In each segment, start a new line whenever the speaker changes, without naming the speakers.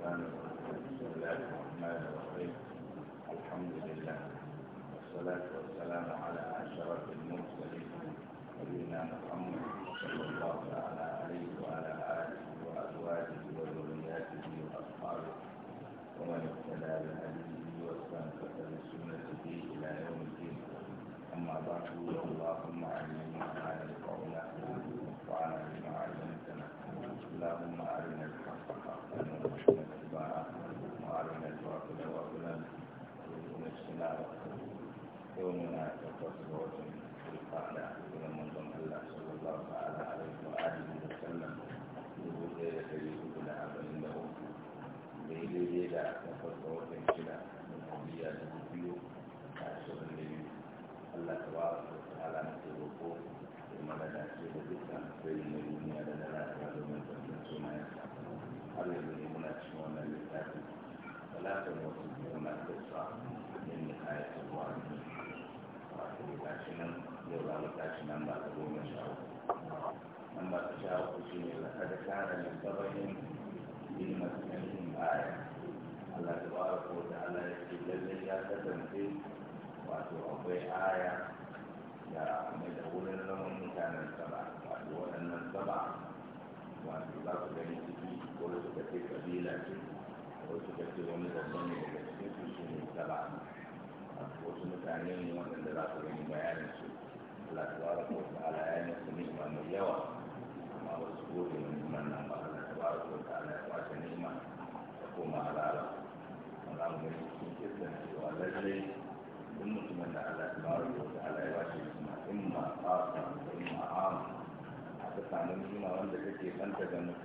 بسم الله الرحمن الرحيم والسلام على أشرف المرسلين نبينا محمد صلى الله عليه yana kyautar su ga wata fada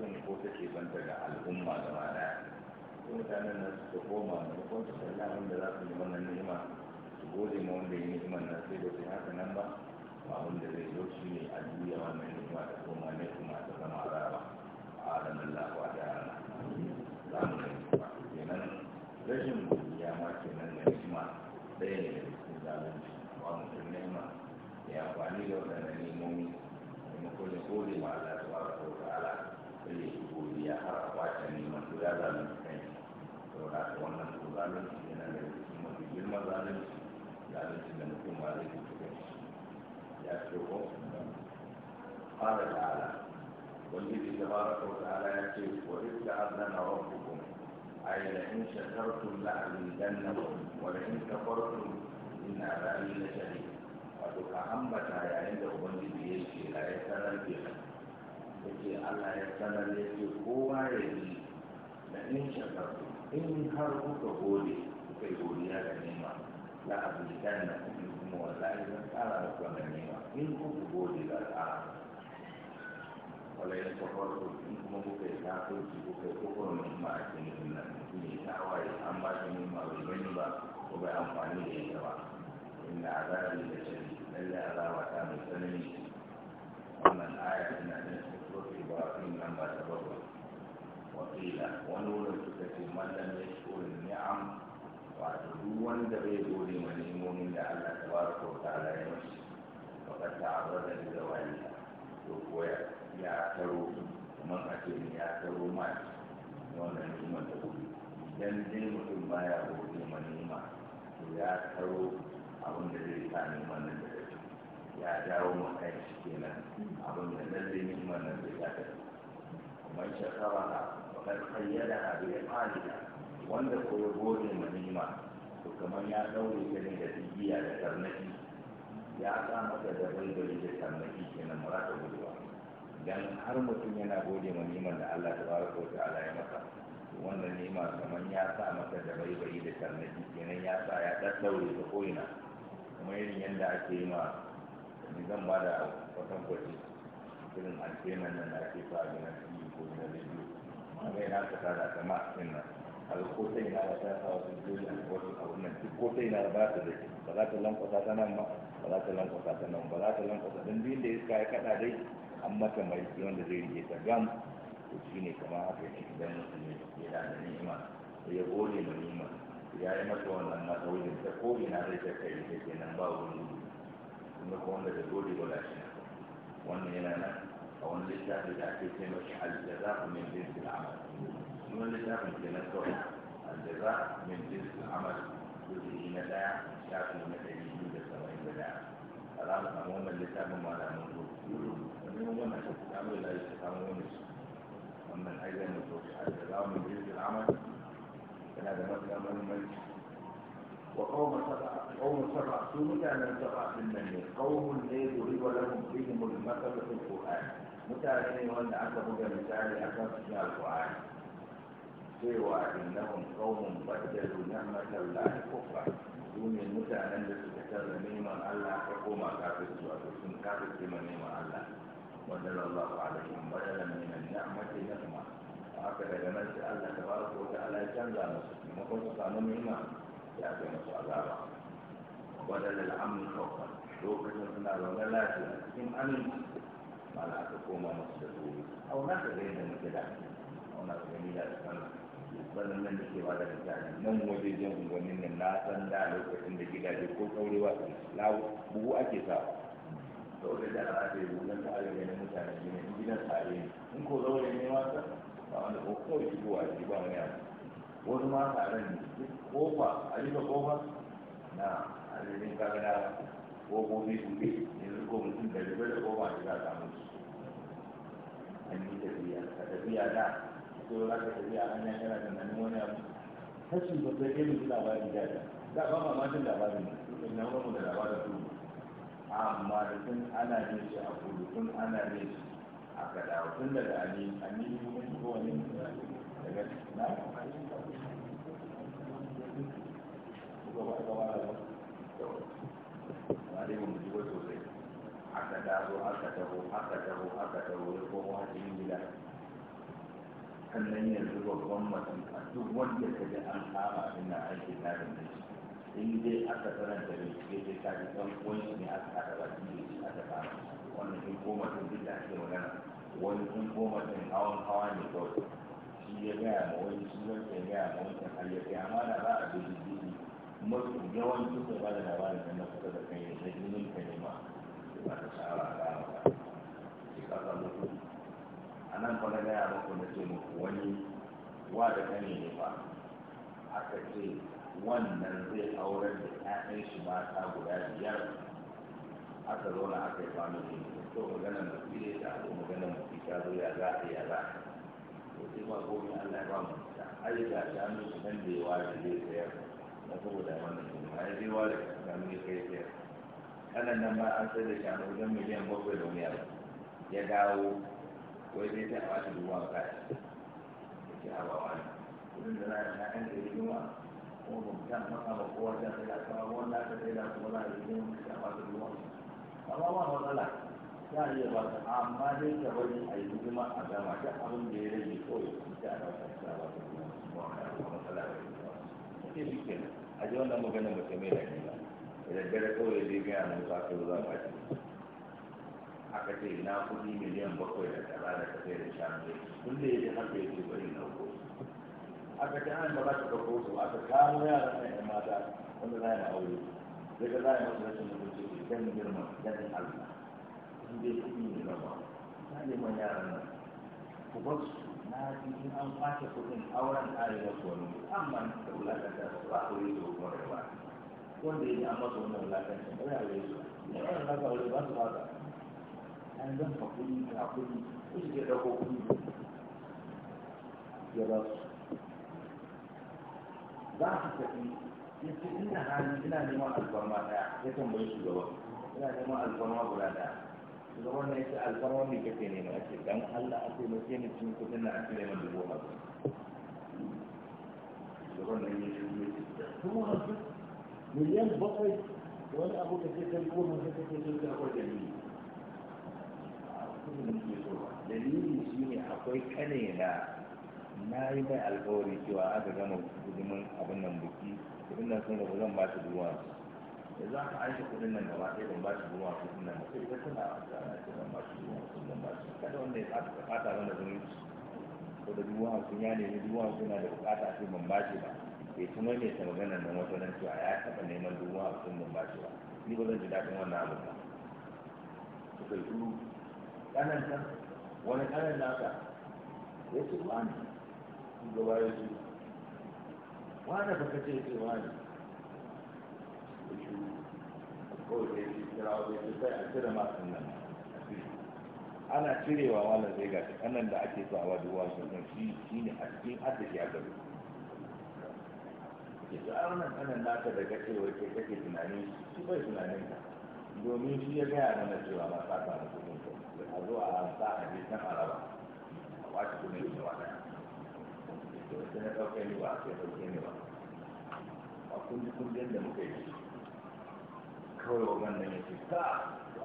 mutum ko take banta da al'umma da mana mutanen nan su koma da kwanci sallah wanda za su yi wannan ni'ima su gode ma wanda ya ni'imar nan sai da su haka nan ba ba wanda zai zo shi ne a duniya wannan ni'ima da koma ne kuma ta zama rawa كفرتم لأذلن ولئن كفرتم إن عذابي لشديد وتوكا أمبا تايا عند أبن بيشي لا يسأل الجنة يجي الله يسأل الجنة هو يجي لئن شكرتم إن هرقوا كقولي كيقولي هذا نعمة لا أبدلن منكم ولا يسأل لكم نعمة إن كنت قولي لا تعلم ولئن كفرتم إن كنت قولي لا تعلم ولئن كفرتم إن كنت قولي لا تعلم kawai an ba shi mun ba bai ba ko bai amfani da ita ba inda azabi da shi lalle azaba ta mai tsanani wannan aya tana da sirri ba in nan ba ta ba wakila wani wurin suka ce mallan ya shukuri ni'am wato duk wanda bai gode ma nemomin da Allah ta ba ko ta ala ya mashi fakat ta abada da zawali to koya ya taro kamar a ce ya taro ma wannan ni'imar dan dai mutum baya gobe manoma to ya taro abin da zai sa neman nan da dace ya dawo ma kai shi kenan abin da zai neman nan zai sa dace kuma shakara ha bakar kayyada ha bai qalida wanda ko ya gobe manoma to kamar ya daure ta da igiya da karnaki ya kama da dabai da da karnaki kenan murata gudu idan har mutum yana gode ma neman da Allah tabaraka wa ta'ala ya masa wannan nema kamar ya sa masa da bai da tarnaki kenan ya sa ya ɗaɗɗaure ta ko'ina kuma irin yadda ake yi ma ni zan ba da kwatan kwaci irin alkenan nan da ake sa ga na fiye ko na rediyo amma yana ka tara ta ma ɗin nan a ga ko ta ina ta sa wasu joli a wasu abun nan duk ko ta ina ba ta da ba za ta lankwasa ta nan ba ba za ta lankwasa ta nan ba za ta lankwasa don duk da iska ya kaɗa dai an mata mai wanda zai rike ta gam shi ne kamar haka yake idan mutum yana da ni'ima ya gode ma ni'ima ya yi masa wannan matsalolin ta ko ina zai ta kai da ke nan ba wani kuma ko wanda da gode ba da shi wannan yana nan a wani littafi da ake ce mashi aljaza min jinsil amal sunan littafin ke nan kawai aljaza min jinsil amal juzuri na daya shafi na ɗari biyu da saba'in da daya a za mu samu wannan littafin malamin rubutu wani wannan ta samu da ya samu wani su ومن أيضا السلام من جنس العمل كان هذا مثلا من المجلس وقوم سبع قوم سبع سوء كان سبع في المنزل قوم ليه ضرب لهم فيهم المثل في القرآن متعلمين وأن عتبوا كمثال أكثر من القرآن سوى إنهم قوم بدلوا نعمة الله كفرا دون المتعلم لسكتر نعمة الله حكومة كافر سوى كافر من نعمة الله وصلى الله عليهم بدلا من النعمة نعمة هكذا جمال الله تبارك وتعالى يتنزى مصر ممكن تطعم نعمة يأتي مصر عذابا وبدل الأمن خوفا لوكس من الله لا تكون أمين ولا تقوم مصر أو نتغير من كده أو نتغير من wannan nan da ke ba da mutane nan waje jan unguwannin nan na san da lokacin da gidaje ko kaurewa lawo buhu ake sa saboda da ana da tare ne na mutane ne gidan tare ne in ko zaure ne wasa ba wanda ko kawai shigowa shi ba wani ma taron ne kofa a rika kofa na arzikin kagana kofofi buɗe yanzu ko mutum da riba da kofa da za a samu an yi tafiya ka tafiya da ko za ka tafiya hanya kana tunanin wani abu kashi ba sai dai mutum labarin da da ba mamakin labarin ne na wani da labarin su amma da tun ana ne shi a kudu tun ana ne shi a kada tun da ali ali kuma ko wani daga na ko ba ga wala ba to ba dai mun ji wato sai aka dawo aka dawo aka dawo aka dawo ko wani gida sannan yanzu babban mutum duk wanda kaje an kama ina aikin da shi in dai aka tsananta bincike sai ta ji kan uwansu ne aka haɗa baki da shi aka samu wannan in koma da ake magana wani in koma sun hawan hawa ne kawai shi ya gaya ma wani shi wancan ya gaya ma wancan har ya kai da a bi jini mafi yawancin sai ba da labarin na kusa da ne yadda jinin ka nema ba ta shawara a gaya shi ka samu a nan fa na gaya muku na ce muku wani wa da kane ne ba aka ce wannan zai aurar da ƴaƴan shi mata guda biyar aka zauna aka yi family to magana mafi ne ta ko magana mafi ta zo ya za a ya za a to sai ma gobe Allah ya ba mu ta ai ga shanu shi nan da ya da zai sayar na saboda wannan kuma ai zai ware shanu ya kai sayar kanan nan ba an sai da shanu wajen miliyan bakwai da wani abu ya dawo wai zai ta ɓata duba ka ya ce a ba wani kudin da na na ɗan ɗari yunwa mugunta maka ba kowa ta tsaya kuma wanda kuma za yi da ba amma a iya ba su amma dai ta bari a yi hidima a gama ta abin da ya rage kawai ta a ɗaukar ta ba ta ruwan ba a matsala ba ne ba a ji wannan magana ba ta mai ba da daddare kawai zai gaya mun ba su ruwa ba ce aka ce na kuɗi miliyan bakwai da kaza da kaza da shanu kullum ya ji haka ya ce bari na kuɗi aka ce an ba za ta ɗauko su aka kamo yaran nan da mata wanda za a aure sai za a yi masu rashin mutunci dan girma dan Allah in dai kuɗi ne na ba na neman yaran nan ku ba su na ji an kwace kuɗin auren arewa su wani amma da wulakanta su ba ku yi su kuma da wanda ya yi an masa wannan wulakancin ba ya aure su ne wannan za ka aure ba su ba ka an zan fa kuɗi ka kuɗi su ke ɗauko kuɗi ya ba su za su tafi yace ina hali ina neman alfarma daya ya tambayi shugaban ina neman alfarma guda daya shugaban ne yace alfarma ne kake nema yace dan Allah a taimake ni cin kudin na a cire min dubu hamsin shugaban ne ya shuru dubu hamsin miliyan bakwai da wani abu da ke kan goma da kake so ka akwai dalili dalili shi ne akwai kane na na yi mai alkawari cewa aka gama gudumin abin nan buki kudin nan sun rabu zan ba shi ruwa da za ka aiki kudin nan gaba ɗaya ban ba shi ruwa kudin nan sai ita a tsara ce ban ba shi ruwa kudin nan ba shi kada wanda ya tsaka ɓata wanda zumunci ko da dubu sun ya nemi dubu hamsin na da bukata sai ban ba shi ba bai kuma mai ta magana nan wata nan cewa ya taɓa neman dubu hamsin ban ba shi ba ni ba zan ji daɗin wannan abu ba kai yi ƙananta wani ƙanan nasa ya ce wani shugaba ya ce wane ba ka ce ce wane da shi kawai da ya ce kira wani ya sai a cire masu nan ana cirewa wala zai gashi kanan da ake sa wa duwa su nan shi shi ne a cikin arziki a gaba ke su a wannan kanan naka da kake wai kai kake tunanin shi bai tunanin ka domin shi ya gaya mana cewa ba sa samu kuɗin ka a zo a sa a je araba a wata kuɗin shi wa da wasu na ɗauka ne ba a kai ɗauke ne ba a kundi kundin da muka yi kawai wannan nan ya ce To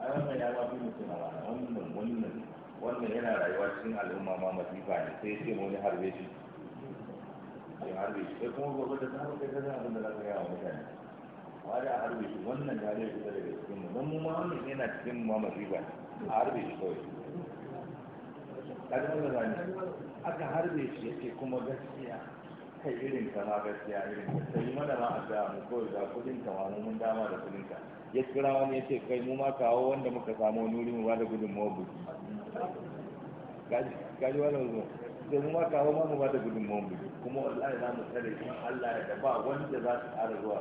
a wannan ya ba fi mutum a wannan wannan wannan yana rayuwa cikin al'umma ma masifa ne sai ce wani harbe shi ya harbe shi sai kuma gobe da ta hau kai kasan abin da za ka yawa mutane ba da harbe shi wannan ya zai kusa daga cikin mu don mu ma wannan yana cikin mu ma masifa ne a harbe shi kawai ɗan wanda zane aka harbe shi yake kuma gaskiya kai irin ka ma gaskiya irin ka sai mana ma a da mu kawai ga kudin ka ma mun dama da kudin ka ya kira wani ya ce kai mu ma kawo wanda muka samu nuri mu ba da gudun mu bu gaji wani mu sai mu ma kawo ma mu ba da gudun mu bu kuma wallahi za mu tsare shi Allah ya da ba wanda za su ƙara zuwa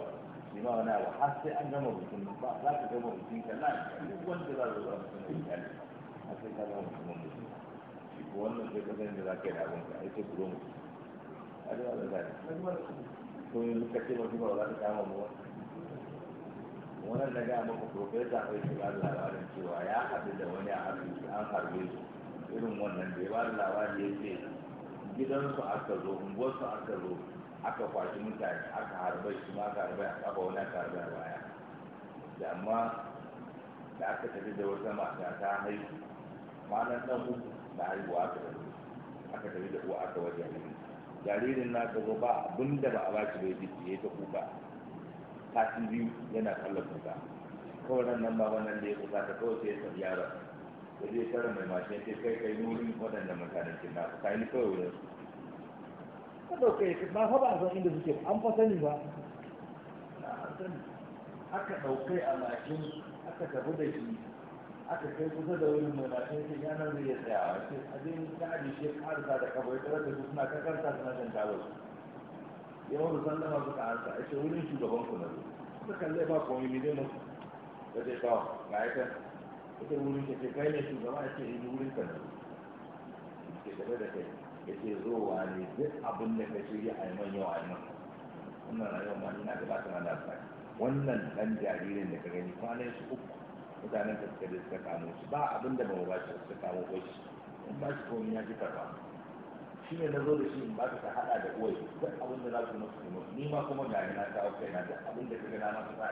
shi ma wani abu har sai an gama bikin ba za ka gama mutum ka na duk wanda za su zuwa bikin ka a sai ka gama mutum. ko wannan sai ka sani da za ka yi da abin ka ai ce kuro mutu a da za ka ko yanzu ka ce mutu ba za ka kama mu wannan na gaya maka profesa mai shi ba da labarin cewa ya haɗu da wani a asibiti an harbe su irin wannan da ya ba da labari ya ce gidansu aka zo unguwarsu aka zo aka kwashi mutane aka harbe shi ma aka harbe a kafa wani aka harbe a baya da amma da aka tafi da wata mata ta haihu malam ɗan uku da haihuwa aka tafi aka tafi da uwa aka wajen ne jaririn na ka zo ba abin da ba a ba shi bai ji ya ta kuka sati biyu yana kallon kuka kawai nan nan ba wannan da ya kuka ta kawai sai ya tafi yaron da zai tara mai mashin ce kai kai nurin waɗanda mutanen ke na ka yi kawai wurin su ka ɗauke ba fa ba san inda suke an fa sani ba aka ɗaukai a mashin aka tafi da shi aka kai kusa da wurin mai ba sai ya nan zai tsaya a ce abin ya aji shi karsa da kabai tare da su suna kakarta suna jan dawo ya wani sallama suka ansa a ce wurin shugaban ku na zo suka kalle ba komai mai dai musu da zai kawo ga aikan ita wurin ka ce kai ne shugaba a ce yi eh, wurin ka na zo ke gaba da kai ya ce wa ne duk abin da ka shirya a yi man yau a yi man wannan rayuwar ma ina nan da alfahari wannan dan jaririn da ka gani kwanan shi uku mutanen da suka je kamo shi ba abin da bashi suka kamo ko shi in ba shi komai ya karba shi ne na zo da shi in ba ka haɗa da duk abin da za kuma ni ma kuma ga ni na kawo kai na abin da kaga na sa'a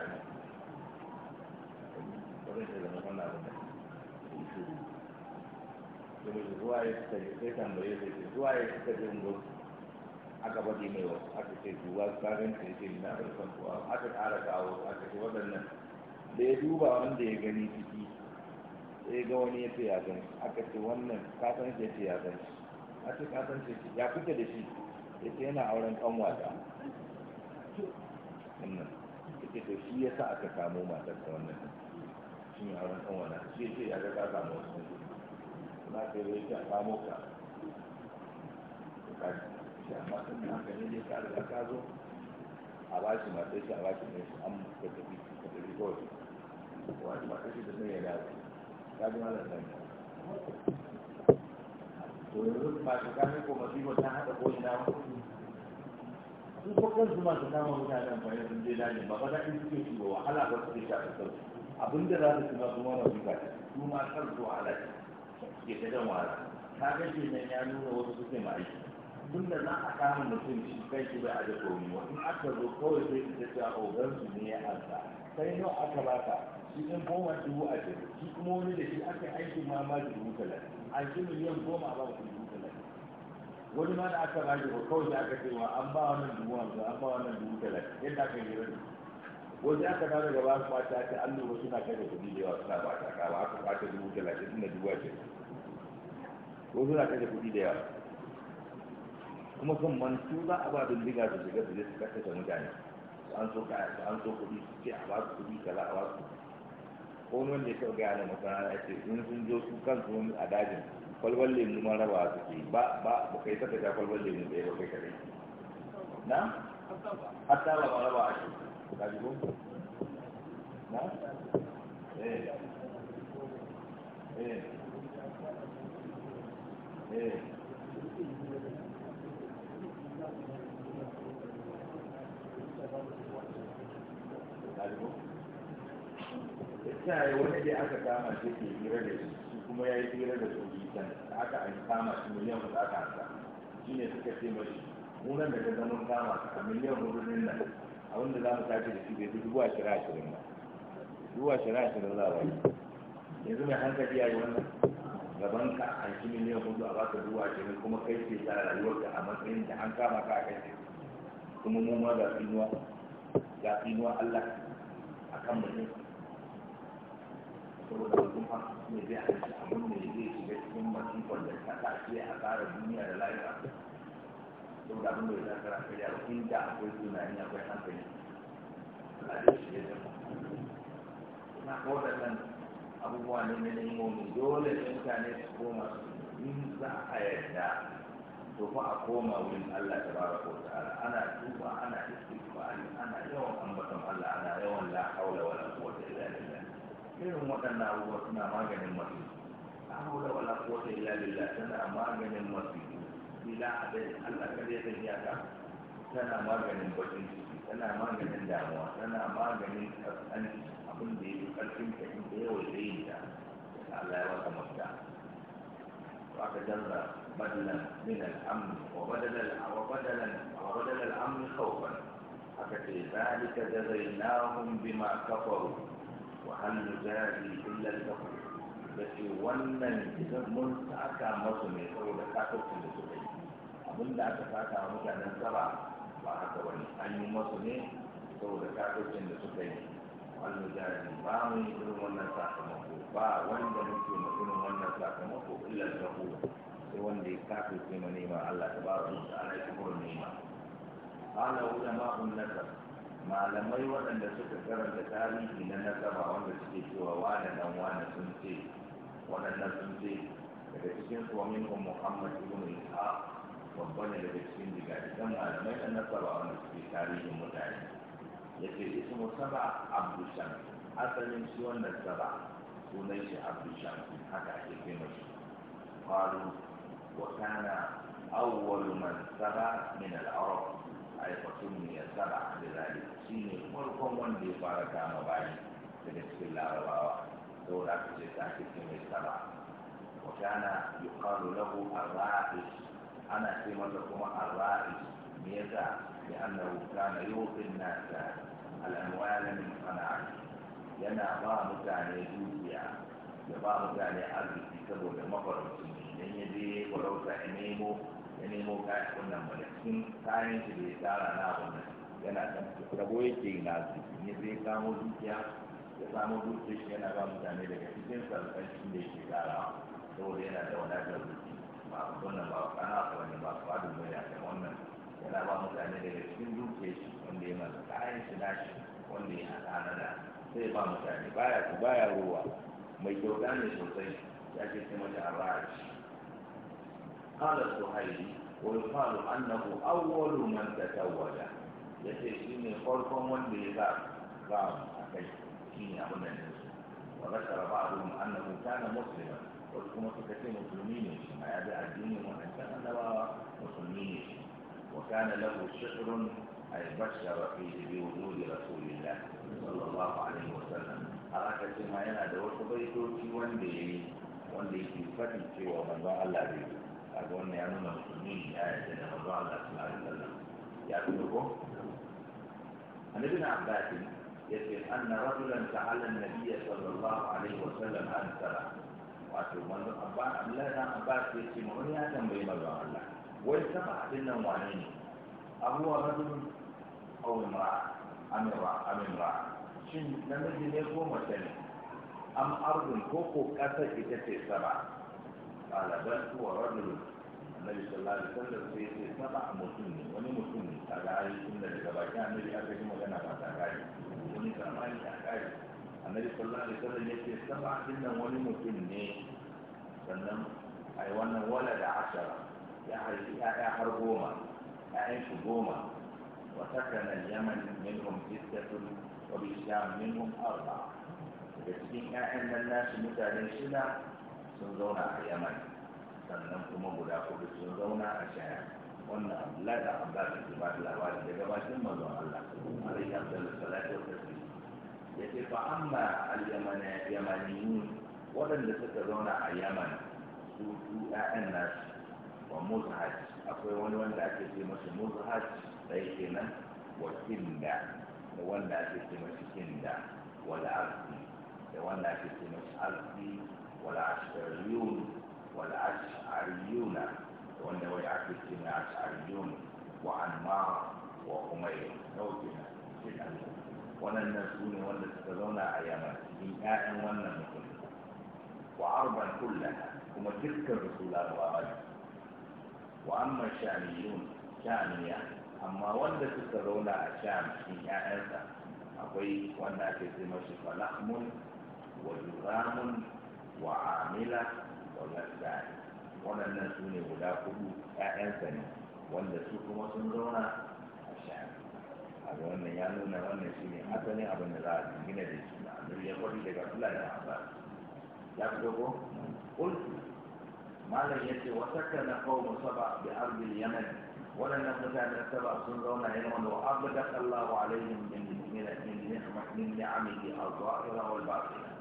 zama wannan abin da kuma zuwa ya sai tambaye sai zuwa ya aka faɗi mai wasu aka ce tsarin ce ce na ɗarfan kuwa aka ƙara kawo aka ce waɗannan da ya duba wanda ya gani ciki sai ga wani ya ce ya gani aka ce wannan kasan ce ce ya gani a ce kasan ce ya fita da shi ya ce yana auren kanwata wannan ya ce shi ya sa aka samu matar da wannan shi ne auren kanwata shi ya ce ya ga ka samu wasu na ce ya ce a samu ka shi amma sun da haka ne dai ka riga ka zo a ba shi matar shi a ba shi ne shi an ka tafi ka tafi kawai wani mata dawo masifa ta haɗa su kama mutanen bayan sun je dajin ba ba za a suke shi ba wahala ba su ke shafi Abin abinda za su ci ba su ma masifa su ma kansu wahala ke ta wahala ta gaje nan ya nuna wasu suke ma aiki tunda za a kama mutum shi kai shi bai aje komi wani aka zo kawai sai ta ce a ogan su ne ya alta sai nawa aka ka? cikin goma dubu a cikin shi kuma wani da shi aka aikin ma ma dubu talatin a shi miliyan goma ba su dubu talatin wani ma da aka rage ba kawai da aka ce wa an ba wannan dubu hamsin an ba wannan dubu talatin yadda aka yi rani wani aka na daga ba su fata ta an lura suna kai da kuɗi da yawa suna ba ta kawa aka fata dubu talatin suna dubu ashirin Ko suna kai da kuɗi da yawa kuma son mantu za a ba bindiga su shiga su je su kasance mutane an so kuɗi su ce a ba su kuɗi kala a ba su ko mun da shau gane masana ce in sun zo su kansu wani a dajin kwalwar lemu ma raba suke ba ba ba kai saka ta kwalwar lemu ɗaya ba kai kare na hatta ba ma raba a shi ka ji ko na eh eh eh ta yi wani da aka kama shi ke hira da shi kuma ya yi hira da su bisan da aka an kama shi miliyan da aka hasa shi ne suka ce mashi munan da ka zama kama a miliyan hudu din nan abin da za mu tashi da shi bai fi dubu ashirin ashirin ba dubu ashirin ashirin za a yi yanzu mai hankali ya yi wannan gaban ka an shi miliyan hudu a baka dubu ashirin kuma kai ce ta rayuwarka a matsayin da an kama ka a kai kuma mu ma ga tsinuwa ga tsinuwa Allah kan mutum saboda wasu fa zai halitta cikin masifar da duniya da lahira saboda abin da ya zaka rafa ya rukin na kowaɗannan dole ne mutane su koma za a yarda a koma wurin Allah ta bara ko ta'ala ana duba ana istighfari ana yawan irin waɗannan abubuwa suna maganin masu ahula wala quwwata illa billah tana maganin masu bila adai Allah kada ya sanya ta tana maganin bakin ciki tana maganin damuwa tana maganin kasanci abin da yake karfin ta in da yawa da yin ta Allah ya wata mafita to aka jarra badalan min al-amn wa badalan wa badalan wa badalan al-amn khawfan aka ce zalika jazainahum bima kafaru وهل نجازي إلا الكفر yace wannan idan mun saka masu ne saboda kafircin da suka yi abin da aka saka wa mutanen saba ba haka wani an yi masu ne saboda kafircin da suka yi wannan jari ba mu yi irin wannan sakamako ba wanda muke ma irin wannan sakamako illa da ku sai wanda ya kafirce ma nema Allah ta ba wa nema qala ulama malamai waɗanda suka karanta tarihi na nasaba wanda suke cewa wane wane sun ce waɗannan sun ce daga cikin tsohon kun muhammad ibn isha babba ne daga cikin jigajigan malamai na nasaba wanda suke tarihin mutane ya ce ismu saba abdushan asalin shi wannan saba sunan shi abdushan haka ake ke mashi qalu wa kana awwalu man saba min al-arab ai fatum ya sara da zalik shine farkon wanda ya fara kama bayi daga cikin larabawa saboda aka ce ta ake ce mai sara wa kana yuqalu lahu ar-ra'is ana ce masa kuma ar-ra'is me yasa bi annahu kana yuqi an-nas al-amwal min qana'ati yana ba mutane dukiya ya ba mutane arziki saboda mafarauci ne idan ya je farauta ya nemo ya nemo kayan wannan malakin kayan shi da ya tsara na wannan yana da rabo yake na su ne zai samo dukiya ya samo dukiya shi yana ba mutane daga cikin sarƙarshi da yake tsara saboda yana da wani ajiyar duki ba wannan ba kana ko wani ba ba da mai da wannan yana ba mutane daga cikin dukiya shi wanda ya masa kayan shi na shi wanda ya hada da sai ba mutane baya ku baya ruwa mai kyauta ne sosai ya ce kuma da arashi قال السهيلي ويقال أنه أول من تزوج يتي شيني فرقم والبيضاء قام أكي شيني أبنى وذكر بعضهم أنه كان مسلما وكما تكتين مسلمين هذا الدين وأن كان له مسلمين وكان له شعر أي بشر فيه بوجود رسول الله صلى الله عليه وسلم أراك ما ينادى وتبيتوتي وندي وندي في فتن سوى من الله عليه أقول يا نمر آية أن الله على أسماء الله يأكلكم أن ابن عباس يسير أن رجلا سأل النبي صلى الله عليه وسلم عن ترى وأتوا من عباس أم لا نعم عباس يسمعني أتم بما الله الله ويسمع بنا معنيني أهو رجل أو امرأة أم امرأة أم امرأة شن نمجي يقوم وسلم أم أرض كوكو كفا كتفي سبعة قال ذلك هو رجل النبي صلى الله عليه وسلم في سبع مسلم وني مسلم قال علي سنة لسبع يعني كان نبي أبيه مدنة فاتا قال وني سرماني قال النبي صلى الله عليه وسلم يكي سبع سنة وني مسلم سنم أي وانا ولد عشرة يعني يا حريفها يا حرقومة يا شبومة وسكن اليمن منهم ستة وبالشام منهم أربعة لكن كائن الناس متى لنشنا sun zauna a yaman sannan kuma guda kudu sun zauna a shaya wannan abdullahi da abbas da ba da labarin daga bakin manzon allah alaihi abdullahi salatu wa Ya ce, fa amma al-yamani yamaniyun waɗanda suka zauna a yaman su su ƴaƴan nasu wa muzhaj akwai wani wanda ake ce masa muzhaj da yake nan wa kinda da wanda ake ce masa kinda wal da wanda ake ce masa arzi والعسريون والعشعريون وأن ويعكس ان عشعريون وعمار وأمير لو في كنا وأنا النسون وأنا استدون أياما بناء وأنا مكن وعربا كلها كما تلك الرسول الله وأما الشاميون شامية أما وأنا استدون اشام إياء أنت وأنا كثير مشي لحم وجرام وعاملة ومسان waɗannan su ne guda kudu ‘ya'yansa ne wanda su kuma sun zauna a sha'ani a wannan ya nuna wannan shi ne asalin abin da za a gina da shi na annabi ya kwaɗi daga fulani a ba ya fito ko kulki malam ya ce wasakka na kawo musaba bi arzil yamani waɗannan mutanen saba sun zauna yana wanda wa abu da allahu alaihim min ni'amihi al-zahira wal batina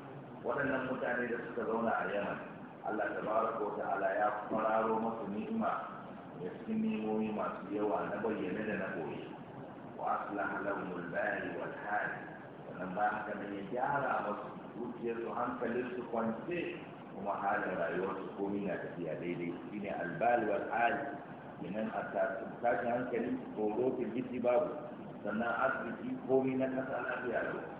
waɗannan mutane da suka zauna a yaman allah ta bara ko ta'ala ya fararo masu ni'ima da cikin ni'imomi masu yawa na bayyane da na boye wa aslaha lahum al-bali wal hal wannan ba haka ne ya gyara masu zuciyar su hankalin su kwance kuma halin rayuwarsu komai na tafiya daidai shine al-bali wal hal kenan a tashin hankali tsoro firgiti babu sannan arziki komai na kasa lafiya lau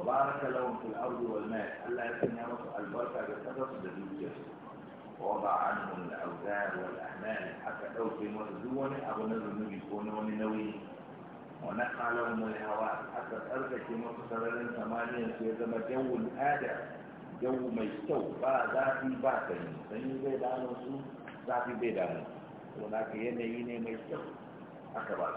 وبارك لهم في الأرض والماء ألا يتنامس البركة الذي بذيوتهم ووضع عنهم الأوزار والأعمال حتى توفي مرزون أو نظم يكون ونوي ونقع لهم الهواء حتى أرزك مقصرا ثمانية سيدة جو آدم جو ميتو با ذاتي باتني سنين بيدانو سو ذاتي هناك ولكن هنا نيمي سو أكبر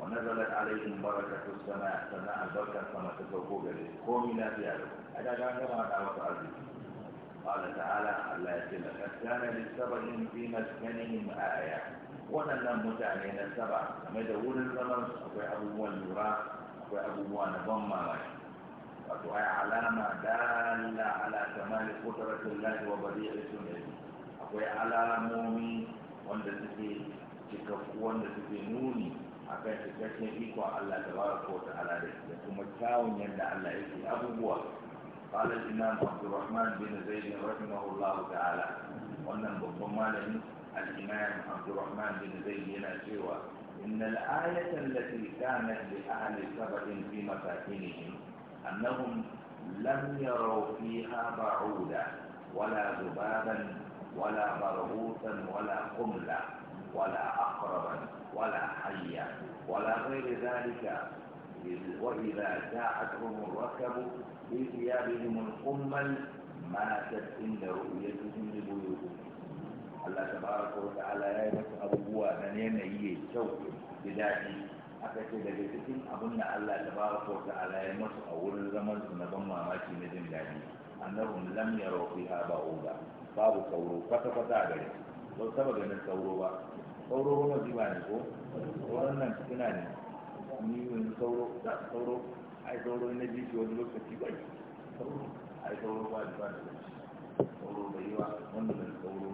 ونزلت عليهم بركة السماء سماء البركة كما تزوجوا به قومي لا تعلم هذا كان كما دعوت أرضي قال تعالى ألا يجل قد كان للسبع في مسكنهم آية ونلم متعنين السبع كما يدور الزمن أبوي أبو النورا أبوي أبو نظم وتعي علامة دالة على كمال قدرة الله وبديع سنته أبوي علامة مؤمن وندسكي تكفوان دسكي نوني akan cikakken ikon Allah ta baraka wa ta'ala da da kuma kyawun yadda Allah yake abubuwa قال الإمام عبد الرحمن بن زيد رحمه الله تعالى wannan babban malamin al-imam Abdurrahman bin Zayd yana cewa innal ayata allati kanat li ahli sab'in fi masakinihim annahum lam yaraw fiha ba'uda wala zubaban wala barghutan wala qumla ولا أقربا ولا حيا ولا غير ذلك وإذا جاءت هم الركب في ثيابهم القمل ماتت عند رؤيتهم لبيوتهم الله تبارك وتعالى لا يسأل هو من ينهي الشوك بذاته حتى إذا جئتم أظن الله تبارك وتعالى يمس أول زمن نظم ما في مدن أنهم لم يروا فيها بعوضا فابوا كوروا فتفتا بيتهم ba su taba ganin sauro ba sauro kuma jiba ne ko wannan suna ne ni wani sauro sauro ai sauro na ji shi wani lokaci ba sauro ai sauro ba jiba da sauro bai yi wa wanda mai sauro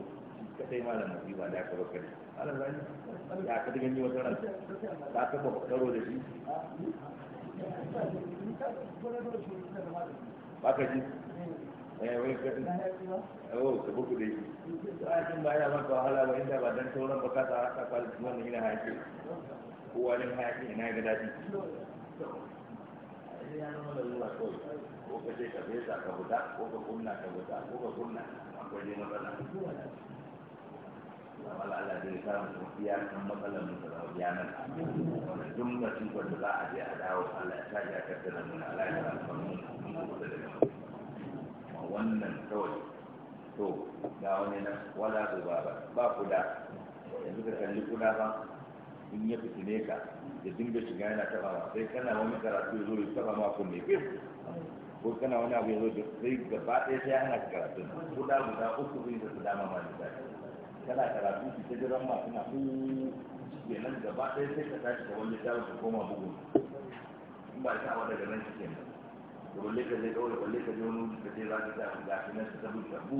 kadai malam musiba da aka bakari malam zani ya ka yi wata ran da ka ba sauro da shi
ba ka ji Eh,
oh ta buku a cikin ba wahala ba inda ba dan sauran ba kasa haka haƙi haƙi ina ga daɗi ko ka ce ka ka ko ka ka ko ka akwai dai matsala amma Allah zai sa mu iya kan matsalar mu da yanar wannan duk mutum za a je a dawo Allah ya sa ya kaddara mu mu mu da wannan kawai to ga wani nan wala zuba ba ba kuda yanzu ka kalli kuda ba in ya fitine ka da dinga shiga yana taba ma sai kana wani karatu ya zo ya taba ma kunne ke ko kana wani abu ya zo da sai gaba ɗaya sai ana karatu kuda guda uku zai da dama ma ne kana karatu ki ta jiran ma kana kenan gaba ɗaya sai ka tashi da wani jawo ka koma bugun in ba ta wa daga nan shi kenan kwalle kalle kawai kwalle kalle wani wuce kalle za ka ta ga shi nan ta buta bu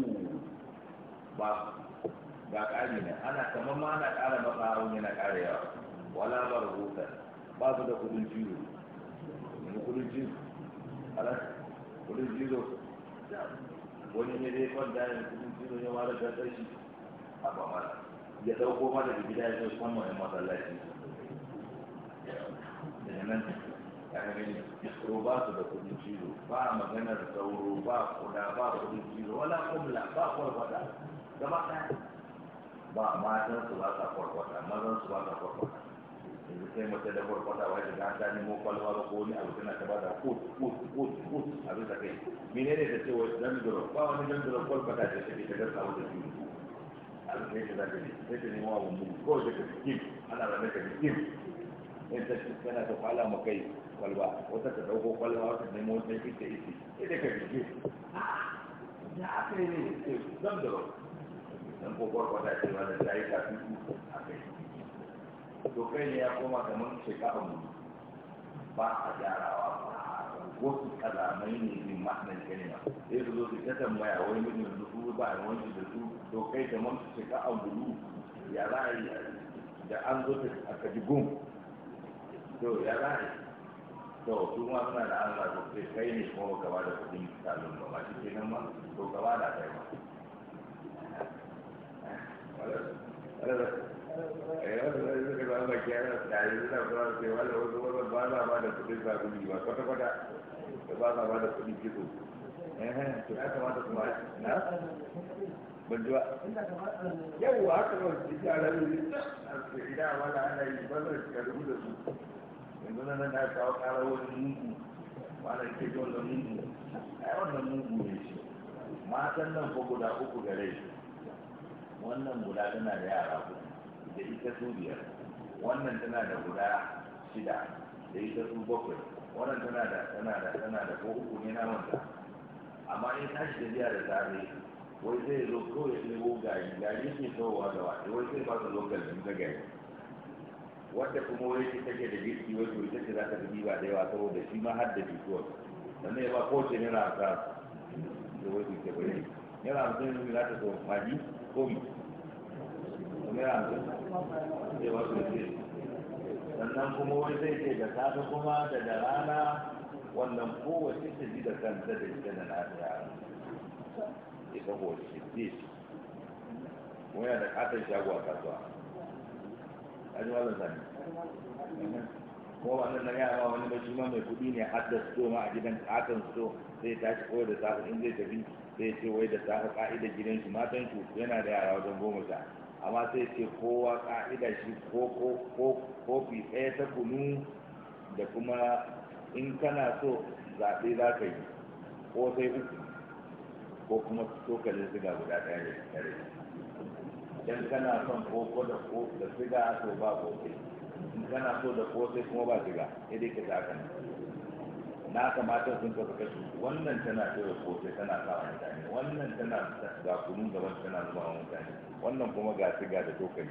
ba ga ƙari na ana kamar ma ana ƙara matsarun yana ƙara yawa wala ba rahoton ba su da kudin cizo yanzu kudin cizo alas kudin cizo wani ne zai kwanta yanzu kudin cizo ne ma da gasar shi a ba mara ya dauko ma da gida ya zo kwanwa ya masallaci daga nan ko ba su da kudin jiro ba maganar sauro ba kuda ba kudin jiro wala kumla ba kwarkwata gaba ɗaya ba matan su ba sa kwarkwata mazan su ba sa kwarkwata yanzu sai mace da kwarkwata wai da ta nemo kwalwa ba ko wani abu tana ta bada kut kut kut kut a bisa kai ne da ce wai dandoro ba wani dandoro kwarkwata da take ta gasa wata jiro a bisa yadda za ta ne sai ta nemo abu mu ko da ta kim ana rabe ta kim in ta tana ta kwala ma kai kwalba wata ta dauko kwalba wata nemo wata ita ita ita ka rike da aka yi ne zan da dan ko kwalba ta ce wanda ta yi kafin su a kai to kai ne ya koma kamar shekara mu ba a gyarawa wasu kalamai ne min ma'anar kalma sai su zo su ta tambaya wani mijin da su ba a wani da su to kai kamar shekara mu ya za a yi da an zo ta a kaji gum to ya za a yi to su suna da Allah to sai kai ne kuma baka ba da kudin salon ba shi ke nan ma to ka ba da kai eh, ba za ba da ba da ba za ba da eh, ban yawwa haka ba su ji a ranar idan wala ana yi ba zai karbi da su yanzu na nan da aka kawo ƙarar wani mugu wanda ke ji wannan mugu ai wannan mugu ne ce matan nan ko guda uku gare shi wannan guda tana da yara uku da ita su biyar wannan tana da guda shida da ita su bakwai wannan tana da tana da tana da ko uku ne na wanda amma in tashi da biya da tsare wai zai zo kawai ɗebo gari gari ne kawowa da wata wai zai ba su lokacin da gari wanda kuma wani ce take da girki wai to ita za ta fi ba da yawa saboda shi ma har da jituwar sannan ya ba kowace naira hamsin da wai to ke bari naira hamsin ne za ta so maji ko mi naira hamsin zai ba ce
sannan kuma wani
zai ce da safe kuma da da rana wannan kowace ta ji da kanta da ita da nata yara ita kowace ce ce wani da katon shago a kasuwa a wannan sani kuma wannan na yara wani ba shi ma mai kuɗi ne har da sto ma a gidan katon sto zai tashi koyar da safe in zai tafi sai ce wai da safe ka'ida gidan shi matan shi yana da yara wajen goma sha amma sai ce kowa ka'ida shi ko kofi ɗaya ta kunu da kuma in kana so zaɓe za ka yi ko sai uku ko kuma tokalin siga guda ɗaya da ne Idan kana son koko da ko da siga to ba kosai in kana so da kosai kuma ba siga idan ka ta haka na kamata sun ka kashi wannan tana so da kosai tana sa wa mutane wannan tana ga kunun wannan tana zuwa wa mutane wannan kuma ga siga da tokali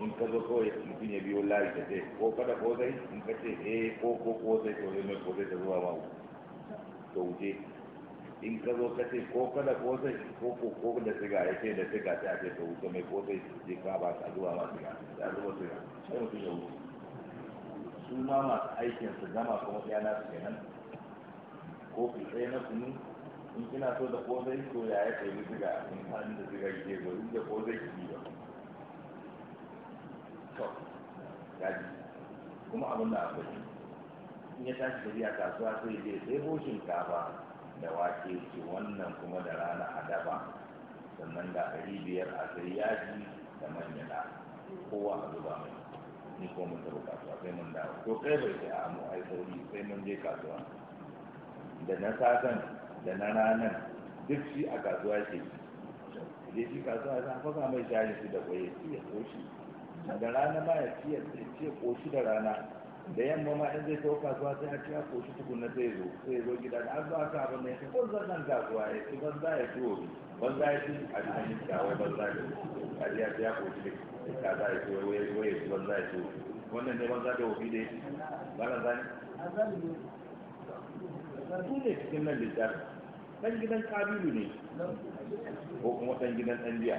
in ka zo kawai mutum ya biyo layi ta ce ko kada kosai in ka ce eh ko ko kosai to ne ko kosai ta zuwa ma to wuce in ka zo ka ce ko kada ko sai ko ko ko da siga ya ce da siga ta ce to wuce mai ko sai je ka ba ka zuwa ba siga ya zuwa siga sai mutum ya wuce su ma masu aikin su gama kuma ya na su kenan ko ku tsaye na kunu in kina so da ko sai to ya ya ce siga in ka da siga ke zo in da ko sai ki ba to gaji kuma abin da akwai in ya tashi tafiya kasuwa sai je sai ho shinkafa da wake ce wannan kuma da rana a daba sannan da ɗari biyar a sai yaji da manyana kowa a zuba mai ni ko mun taɓa kasuwa sai mun dawo to kai bai sai a mu ai sauri sai mun je kasuwa da na satan da na ranan duk shi a kasuwa ke je shi kasuwa ta fasa mai shari shi da kwaye ya koshi da rana ma ya ciye koshi da rana da yamma ma in zai tawo kasuwa sai a ciya koshi tukunna sai zo sai zo gida da an zo aka abin da ya ce ban zan kasuwa ya ci ban za ya ci wuri ban za ya ci a cikin yin kyawai ban za ya ci a ciya ciya koshi da ka za ya ci wai ya ci ban za ya ci wuri wannan ne ban za da wofi da ya ci ba na zani su ne cikin nan littafin ɗan gidan kabilu ne ko kuma ɗan gidan ɗan biya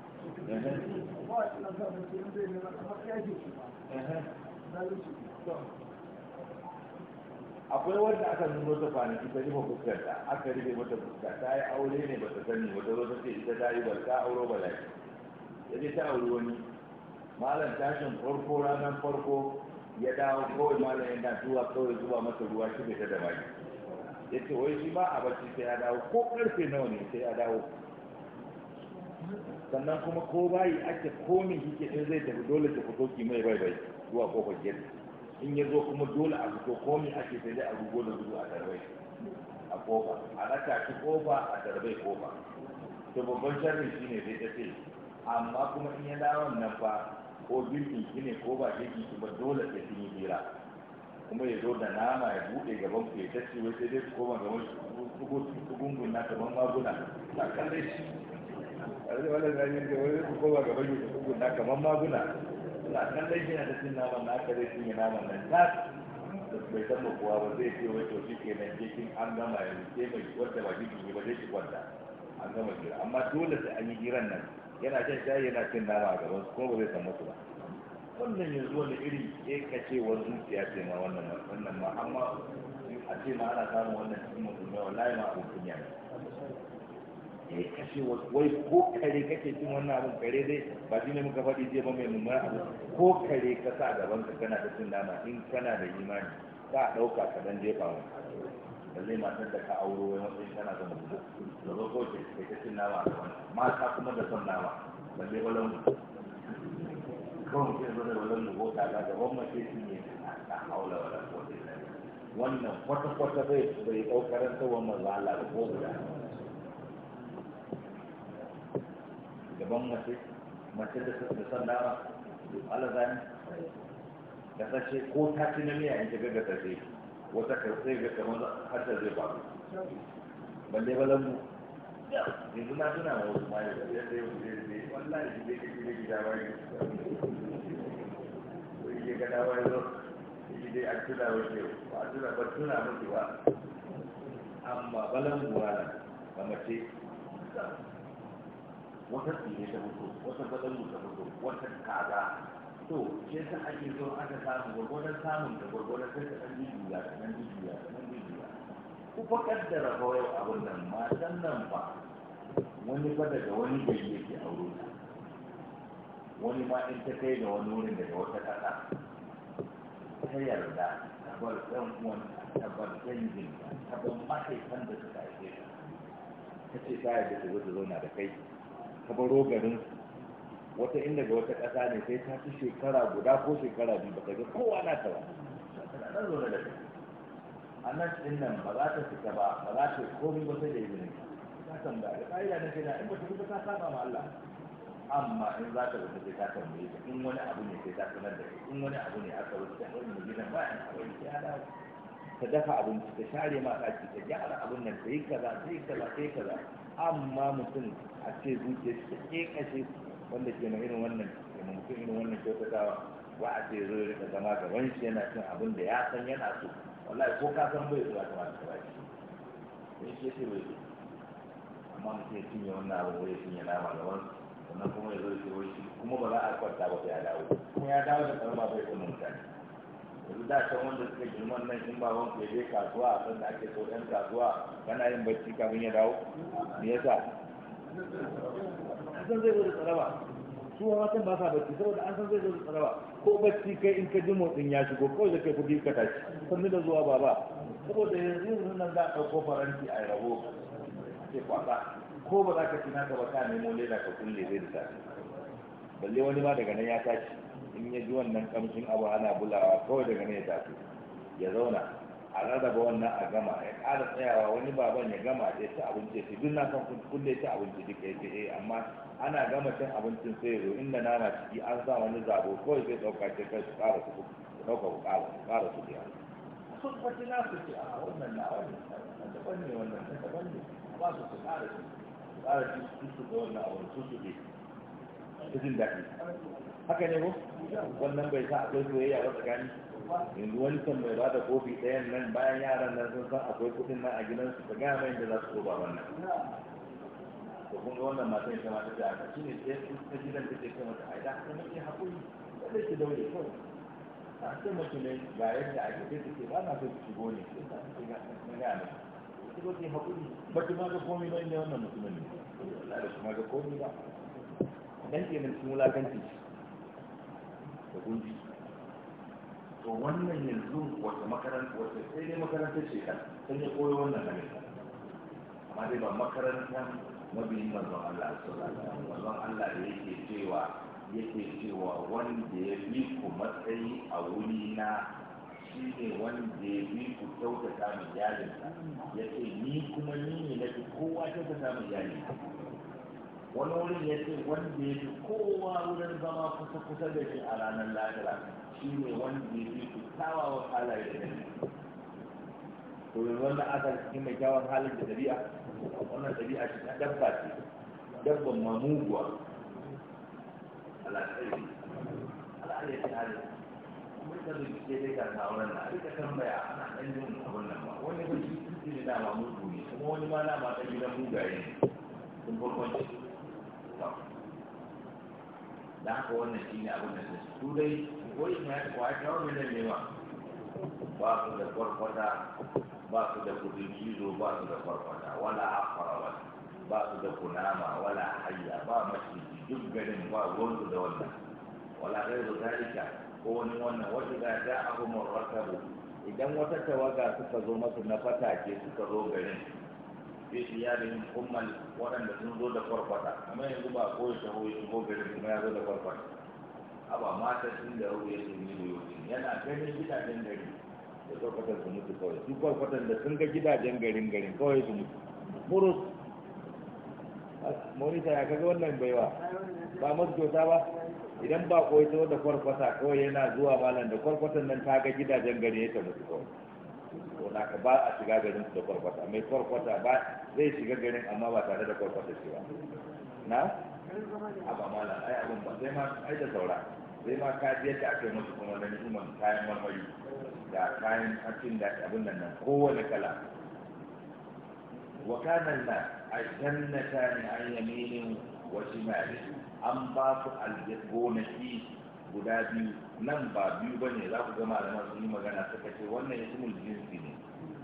akwai wanda aka zuno ta kwanaki ta rufe fuskarta aka rufe mata fuska ta yi aure ne ba ta sani wata zo ta ce ita ta yi barka auro ba lafi ya ce ta auri wani malam tashin farko ranar farko ya dawo kawai malam yana zuwa kawai zuwa masa ruwa shi bai ta da baki ya ce wai shi ba a bacci sai ya dawo ko karfe nawa ne sai ya dawo sannan kuma ko bayi ake komin hike in zai tafi dole ta fito ki mai bai bai zuwa kofar gida in ya zo kuma dole a fito komi ake sai dai a rugo da gudu a tarbai a kofa a raka shi kofa a tarbai kofa to babban sharri shine zai tafi amma kuma in ya dawo nan fa ko bilkin shi ne ko ba birkin ki ba dole ta kin yi hira kuma ya zo da nama ya bude gaban ku ya tace wai sai dai koma gaban gungun na kaman maguna ta kalle shi wani wani zai da wani su kowa ga bayu su guda kamar maguna suna kan dai shi na da cin naman na aka zai cinye naman nan ta da bai san kuwa ba zai ce wai to shi ke nan ke an gama yanzu ke mai wadda ba jikin ba zai ci wanda an gama jira amma dole sai an yi jiran nan yana shan shayi yana cin nama a gaban su kuma ba zai san musu ba wannan yanzu wani iri ya kace wani zuciya ce ma wannan wannan ma amma a ce ma ana samun wannan cikin mutum yawa layi ma abin kunya ne kai kashe wai ko kare kake cin wannan abin kare dai ba shi ne muka faɗi jiya ba mai mummuna abu ko kare ka sa gaban ka kana da cin nama in kana da imani ka ɗauka ka dan jefa mu da zai matar da ka auro wai matsayin kana da mutu da zo ko kai ka cin nama a gaban mata kuma da son nama balle balan mu kawai mutum ya zo da balan mu ko ta ga gaban mace shi ne a haula wala ko wannan kwata-kwata bai bai ɗaukar ta wa manzo Allah ko guda gaban mace mace da suka da san dama alazani da sashe ko ta ci na miya in ta gaga ce, wata karsai ga kamar harshen zai faru balle ba lambu yanzu na tuna wa wasu mayu da ya sai wuce ne wallahi shi zai kashi da gida bayan wani ya gada bayan zo shi dai an tuna wa ba a tuna ba tuna mutu ba amma balan buwa na ba mace wata tsire ta mutu, wata gwadalu ta mutu, wata kaza to ke yasa ake zo aka samu gwargwadon samun da gwargwadon sai ta ɗan jijiya ta ɗan jijiya ta ɗan jijiya ku fa kaddara fa yau abin nan matan nan ba wani ba daga wani gari yake aure ta wani ma in ta kai da wani wurin daga wata ƙasa ta yarda ta bar ɗan uwan, ta bar danginta ta bar mahaifan da suka haife ta ta ce ta yarda ta zo ta zauna da kai suka baro garin wata inda ga wata ƙasa ne sai ta fi shekara guda ko shekara biyu baka ga kowa na ta ba nan zo da a nan ɗin nan ba za ta fita ba ba za ta komi ba sai da izinin ta tambaya da ƙa'ida na kai na in ba ta fita ta saba ma Allah amma in za ta rufe sai ta tambaye ta in wani abu ne sai ta sanar da kai in wani abu ne aka rufe ta wani mu gidan bayan abin sai ya dawo ta dafa abinci ta share ma ɗaki ta gyara abin nan ta yi kaza ta yi kaza ta yi kaza amma mutum a ce zuciya shi ke kashe wanda ke na irin wannan kuma mutum irin wannan kyautatawa wa a ce zo rika zama ga shi yana cin abin da ya san yana so wallahi ko ka san bai zuwa kamar ka bashi in shi ce bai amma mutum ya cinye wannan abin wai ya cinye nama wani sannan kuma ya zo ya ce wai shi kuma ba za a kwanta ba sai ya dawo kuma ya dawo da karama bai kuma mutane yanzu da can wanda suka girma nan in baban ku je kasuwa a da ake so ɗan kasuwa kana yin bacci kafin ya dawo me yasa san zai zo da tsaraba su ma matan ba sa bacci saboda an san zai zo da tsaraba ko bacci kai in ka ji motsin ya shigo kawai da kai kuɗi ka tashi sannu da zuwa baba saboda yanzu yanzu nan za a ɗauko faranti a rabo ke kwasa ko ba za ka ci naka ba ka nemo leda ka kulle zai da tashi balle wani ma daga nan ya tashi in ya ji wannan kamshin abu ana bulawa kawai daga ne ta tafi ya zauna a rarraba wannan a gama ya ƙara tsayawa wani baban ya gama ya ci abinci ya ci duk na kan kulle ci abinci duka ya eh amma ana gama cin abincin sai zo inda na ciki an sa wani zabo kawai zai ɗauka ce kai su ƙara su su ɗauka ku ƙara su ƙara su biya sun fashi na su ce a wannan na wannan ban ne wannan daban ne ba su su ƙara su ƙara su su ga wannan abin su su bi su jin daɗi haka ne ko wannan bai sa akwai soyayya ba tsakani yanzu wani kan mai bada kofi ɗayan nan bayan yaran nan sun san akwai kuɗin nan a gidansu ta gaya mai da za su roba wannan to kun ga wannan matan ita mata da aka shine sai ta gidan take ce mata ai da ka mace hakuri sai ki daure kawai a ce mace ne ga yadda ake sai take ba na so ki shigo ne sai ta ce ga na ga ne ki zo ki hakuri ba ki ma ga komai ba ne wannan mutumin ne Allah da kuma ga komai ba dan kenan sun wulakanci da to wannan yanzu wata makaranta wata sai dai makarantar ce kan sun ya koyo wannan halitta amma dai ba makaranta mabiyin Allah sallallahu alaihi Allah da yake cewa yake cewa wanda ya bi ku matsayi a wuri na shi ne wanda ya bi ku kyautata mu yalinsa ya ce ni kuma ni ne na fi kowa kyautata mu yalinsa wani wurin ya ce wanda ya fi kowa wurin zama kusa kusa da shi a ranar lahira shi ne wanda ya fi kyakkyawa wa halaye da dabi'a to yanzu wanda aka cikin mai kyawun halin da dabi'a wannan dabi'a shi ta dabba ce dabban mamuguwa alaƙari alaƙari ya ce halin kuma ita da ke dai ga sauran na ita tambaya ana ɗan jin abin nan ba wani ba shi ce da mugu ne kuma wani ma dama ɗan gidan mugaye ne sun farkon da haka wannan shi ne abin da su dai ko ismail ko ake wani da nema ba su da kwarkwata ba su da kudin cizo ba su da kwarkwata wala afara wala ba su da kunama wala hayya ba maciji duk garin ba ruwansu da wannan wala kai da zalika ko wani wannan wata da ta abu murakabu idan wata tawaga suka zo masu na fata ke suka zo garin zai ya da yin kummal waɗanda sun zo da kwarkwata amma yanzu ba ko ya taho ya shigo gari kuma ya zo da kwarkwata haba mata sun da ruwa ya ce ni yana ganin gidajen gari da kwarkwatan su mutu kawai su kwarkwatan da sun ga gidajen garin garin kawai su mutu burus monita ya kaga wannan baiwa ba masu kyauta ba idan ba ko ya taho da kwarkwata kawai yana zuwa malam da kwarkwatan nan ta ga gidajen gari ya ta mutu kawai to da ka ba a shiga garin su da kwarkwata mai kwarkwata ba zai shiga garin amma ba tare da kwarkwata shi ba na a ba mala ai abin ba sai ma ai da saura sai ma ka ji ta aka yi musu kuma da ni'iman kayan marmari da kayan hancin da abin nan nan kowane kala wa kanan na a jannata ne an yaminin wa shimali an ba su algonaki guda biyu nan ba biyu ba ne za ku ga malaman sun yi magana suka ce wannan ya sumul jinsi ne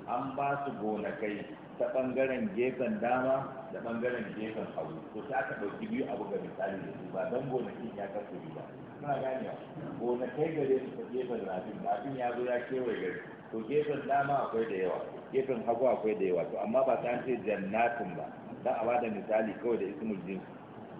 an ba su gonakai ta ɓangaren gefen dama da ɓangaren gefen hagu to sai aka ɗauki biyu abu ga misali da su ba don gonakin ya kasu biyu ba kuna ganewa gonakai gare su ta gefen rafin rafin ya zo ya kewaye gari to gefen dama akwai da yawa gefen hagu akwai da yawa to amma ba ta ce jannatin ba za a bada misali kawai da ismul jinsi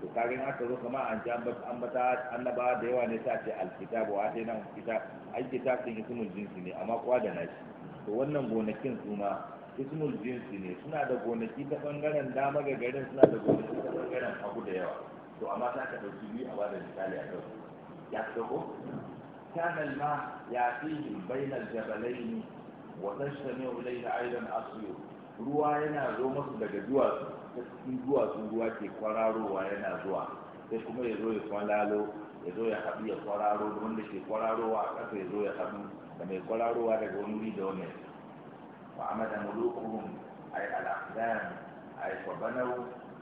to kage in aka zo kamar an ji ambata annaba da yawa ne ta ce alkitabu a ta nan kita alkitab din ismul jinsi ne amma kowa da nashi to wannan gonakin su ma ismul jinsi ne suna da gonaki ta bangaren dama ga garin suna da gonaki ta bangaren hagu da yawa to amma ta ka dauki biyu a bada misali a kan ya ka ma ya fi bainal jabalaini wa وتجتمع إليه aidan السيول ruwa yana zo masu daga duwatsu ta cikin duwatsun ruwa ke kwararowa yana zuwa sai kuma ya zo ya kwalalo ya zo ya haɗu ya kwararo da wanda ke kwararowa a ƙasa ya zo ya haɗu da mai kwararowa daga wani wuri da wani wa amada mulukuhum ay al-aqdam ay fabanaw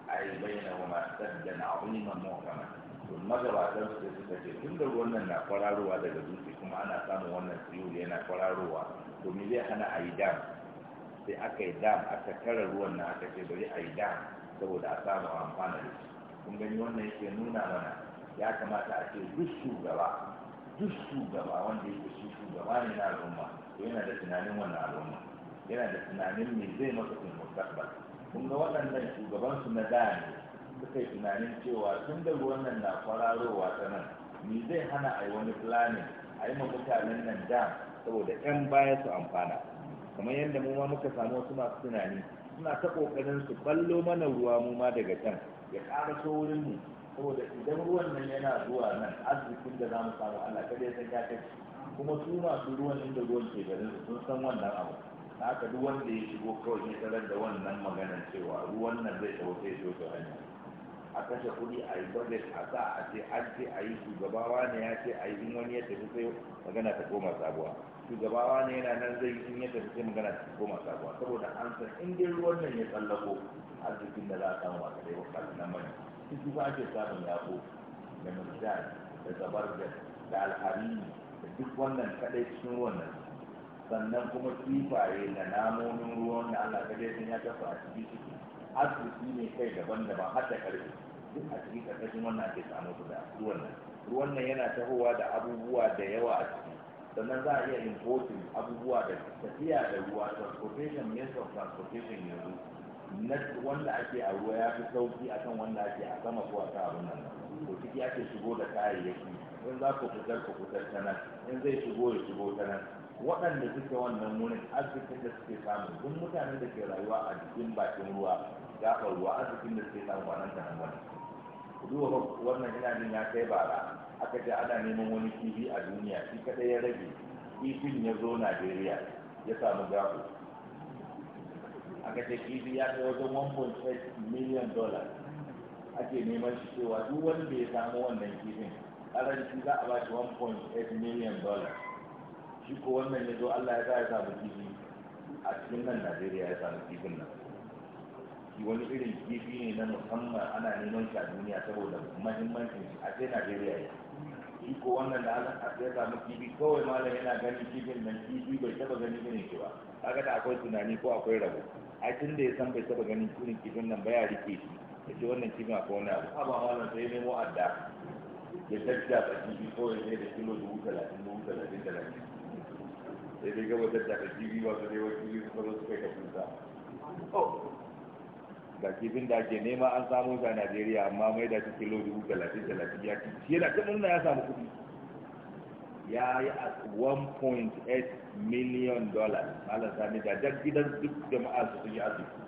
ay bainahuma saddan man muhkama to magabatan su suka ce tun da wannan na kwararowa daga dutse kuma ana samun wannan tsiyuli yana kwararowa to me zai hana a yi dam sai aka yi dam aka tara ruwan na aka ce bari a yi dam saboda a samu amfana da shi kun gani wannan yake nuna mana ya kamata a ce duk shugaba duk shugaba wanda yake shi shugaba ne na al'umma to yana da tunanin wannan al'umma yana da tunanin me zai masa kun mustaqbal kun ga waɗannan shugabansu na da ne suka yi tunanin cewa tun da ruwan nan na kwararowa ta nan me zai hana a yi wani planning a yi ma mutanen nan dam saboda 'yan baya su amfana kamar yadda mu ma muka samu wasu masu tunani suna ta kokarin su ballo mana ruwa mu ma daga can ya ƙara so wurin mu saboda idan ruwan nan yana zuwa nan arzikin da za mu samu Allah kada ya san ka kuma su masu ruwan inda ruwan ke garin su sun san wannan abu haka duk wanda ya shigo kawai ne tarar da wannan maganar cewa ruwan nan zai tawo sai shi hanya a kashe kuɗi a yi budget a sa a ce an ce a yi shugabawa ne ya ce a yi wani ya tafi sai magana ta koma sabuwa shugaba ne yana nan zai in ya tafi magana ta koma sabuwa saboda an san in dai ruwan nan ya tsallako arzikin da za a samu ba ta wakar wakil nan su su ba ake samun yabo da murjan da zabarjar da alharini da duk wannan kadai cikin wannan sannan kuma kifaye da namomin ruwan da Allah kadai sun ya tafi a ciki ciki arziki ne kai daban-daban har da karfe duk a cikin karkashin wannan ake samu su da ruwan nan ruwan nan yana tahowa da abubuwa da yawa a ciki sannan za a iya importing abubuwa da tafiya da ruwa transportation means of transportation yanzu na wanda ake a ruwa ya fi sauki kan wanda ake a sama ko a ta abin nan to ciki ake shigo da kayayyaki in za ku fitar ku fitar ta nan in zai shigo ya shigo ta nan waɗanda suke wannan wurin arzikin da suke samu duk mutanen da ke rayuwa a jikin bakin ruwa gafar ruwa arzikin da suke samu ba nan ta nan ku ba wannan ina ne ya kai bara aka ji ana neman wani kifi a duniya shi kadai ya rage kifin ya zo najeriya ya samu gafo aka ce kifi ya kai wajen 1.8 miliyan dollars ake neman shi cewa duk wanda ya samu wannan kifin karanci za a ba shi 1.8 miliyan dollars shi ko wannan ya zo allah ya sa ya samu kifi a cikin nan najeriya ya samu kifin nan wani irin kifi ne na musamman ana neman shi a duniya saboda mahimmancin shi a sai najeriya ya shi ko wannan da aka a sai samu kifi kawai malam yana ganin kifin nan kifi bai taba gani irin shi ba kaga da akwai tunani ko akwai rabo a tun da ya san bai taba ganin irin kifin nan ba ya rike shi ya ce wannan kifin a wani abu haba malam sai nemo adda ya tafiya a kifi kawai sai da kilo dubu talatin dubu talatin talatin sai dai gaba tattaka kifi ba su dai wasu kifi su suka yi ta kusa oh! Da kifin da ake nema an samu sa Najeriya amma mai da cikin kilo dubu talatin talatin ya ci shi da cikin nuna ya samu kuɗi ya yi a 1.8 million dollars malam sami da duk gidan duk jama'a su sun yi arziki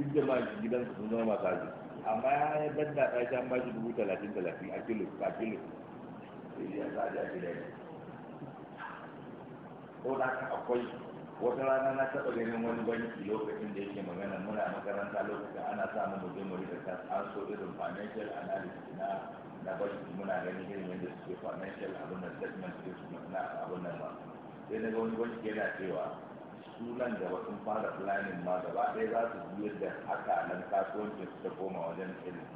duk jama'a su gidan su sun zama masu amma ya yi banda ɗaya can ba shi dubu talatin talatin a kilo ba kilo sai ya sa a shi da yi ko da akwai wata rana na taɓa ganin wani banki lokacin da yake magana muna makaranta lokacin ana sa mu je mu rika an so irin financial analysis na na banki muna ganin irin yadda suke financial abin da statement ɗin su na abin nan ba sai na ga wani banki yana cewa sunan da wasu fara planning ma gaba ɗaya za su biyar da haka nan kasuwancin su ta koma wajen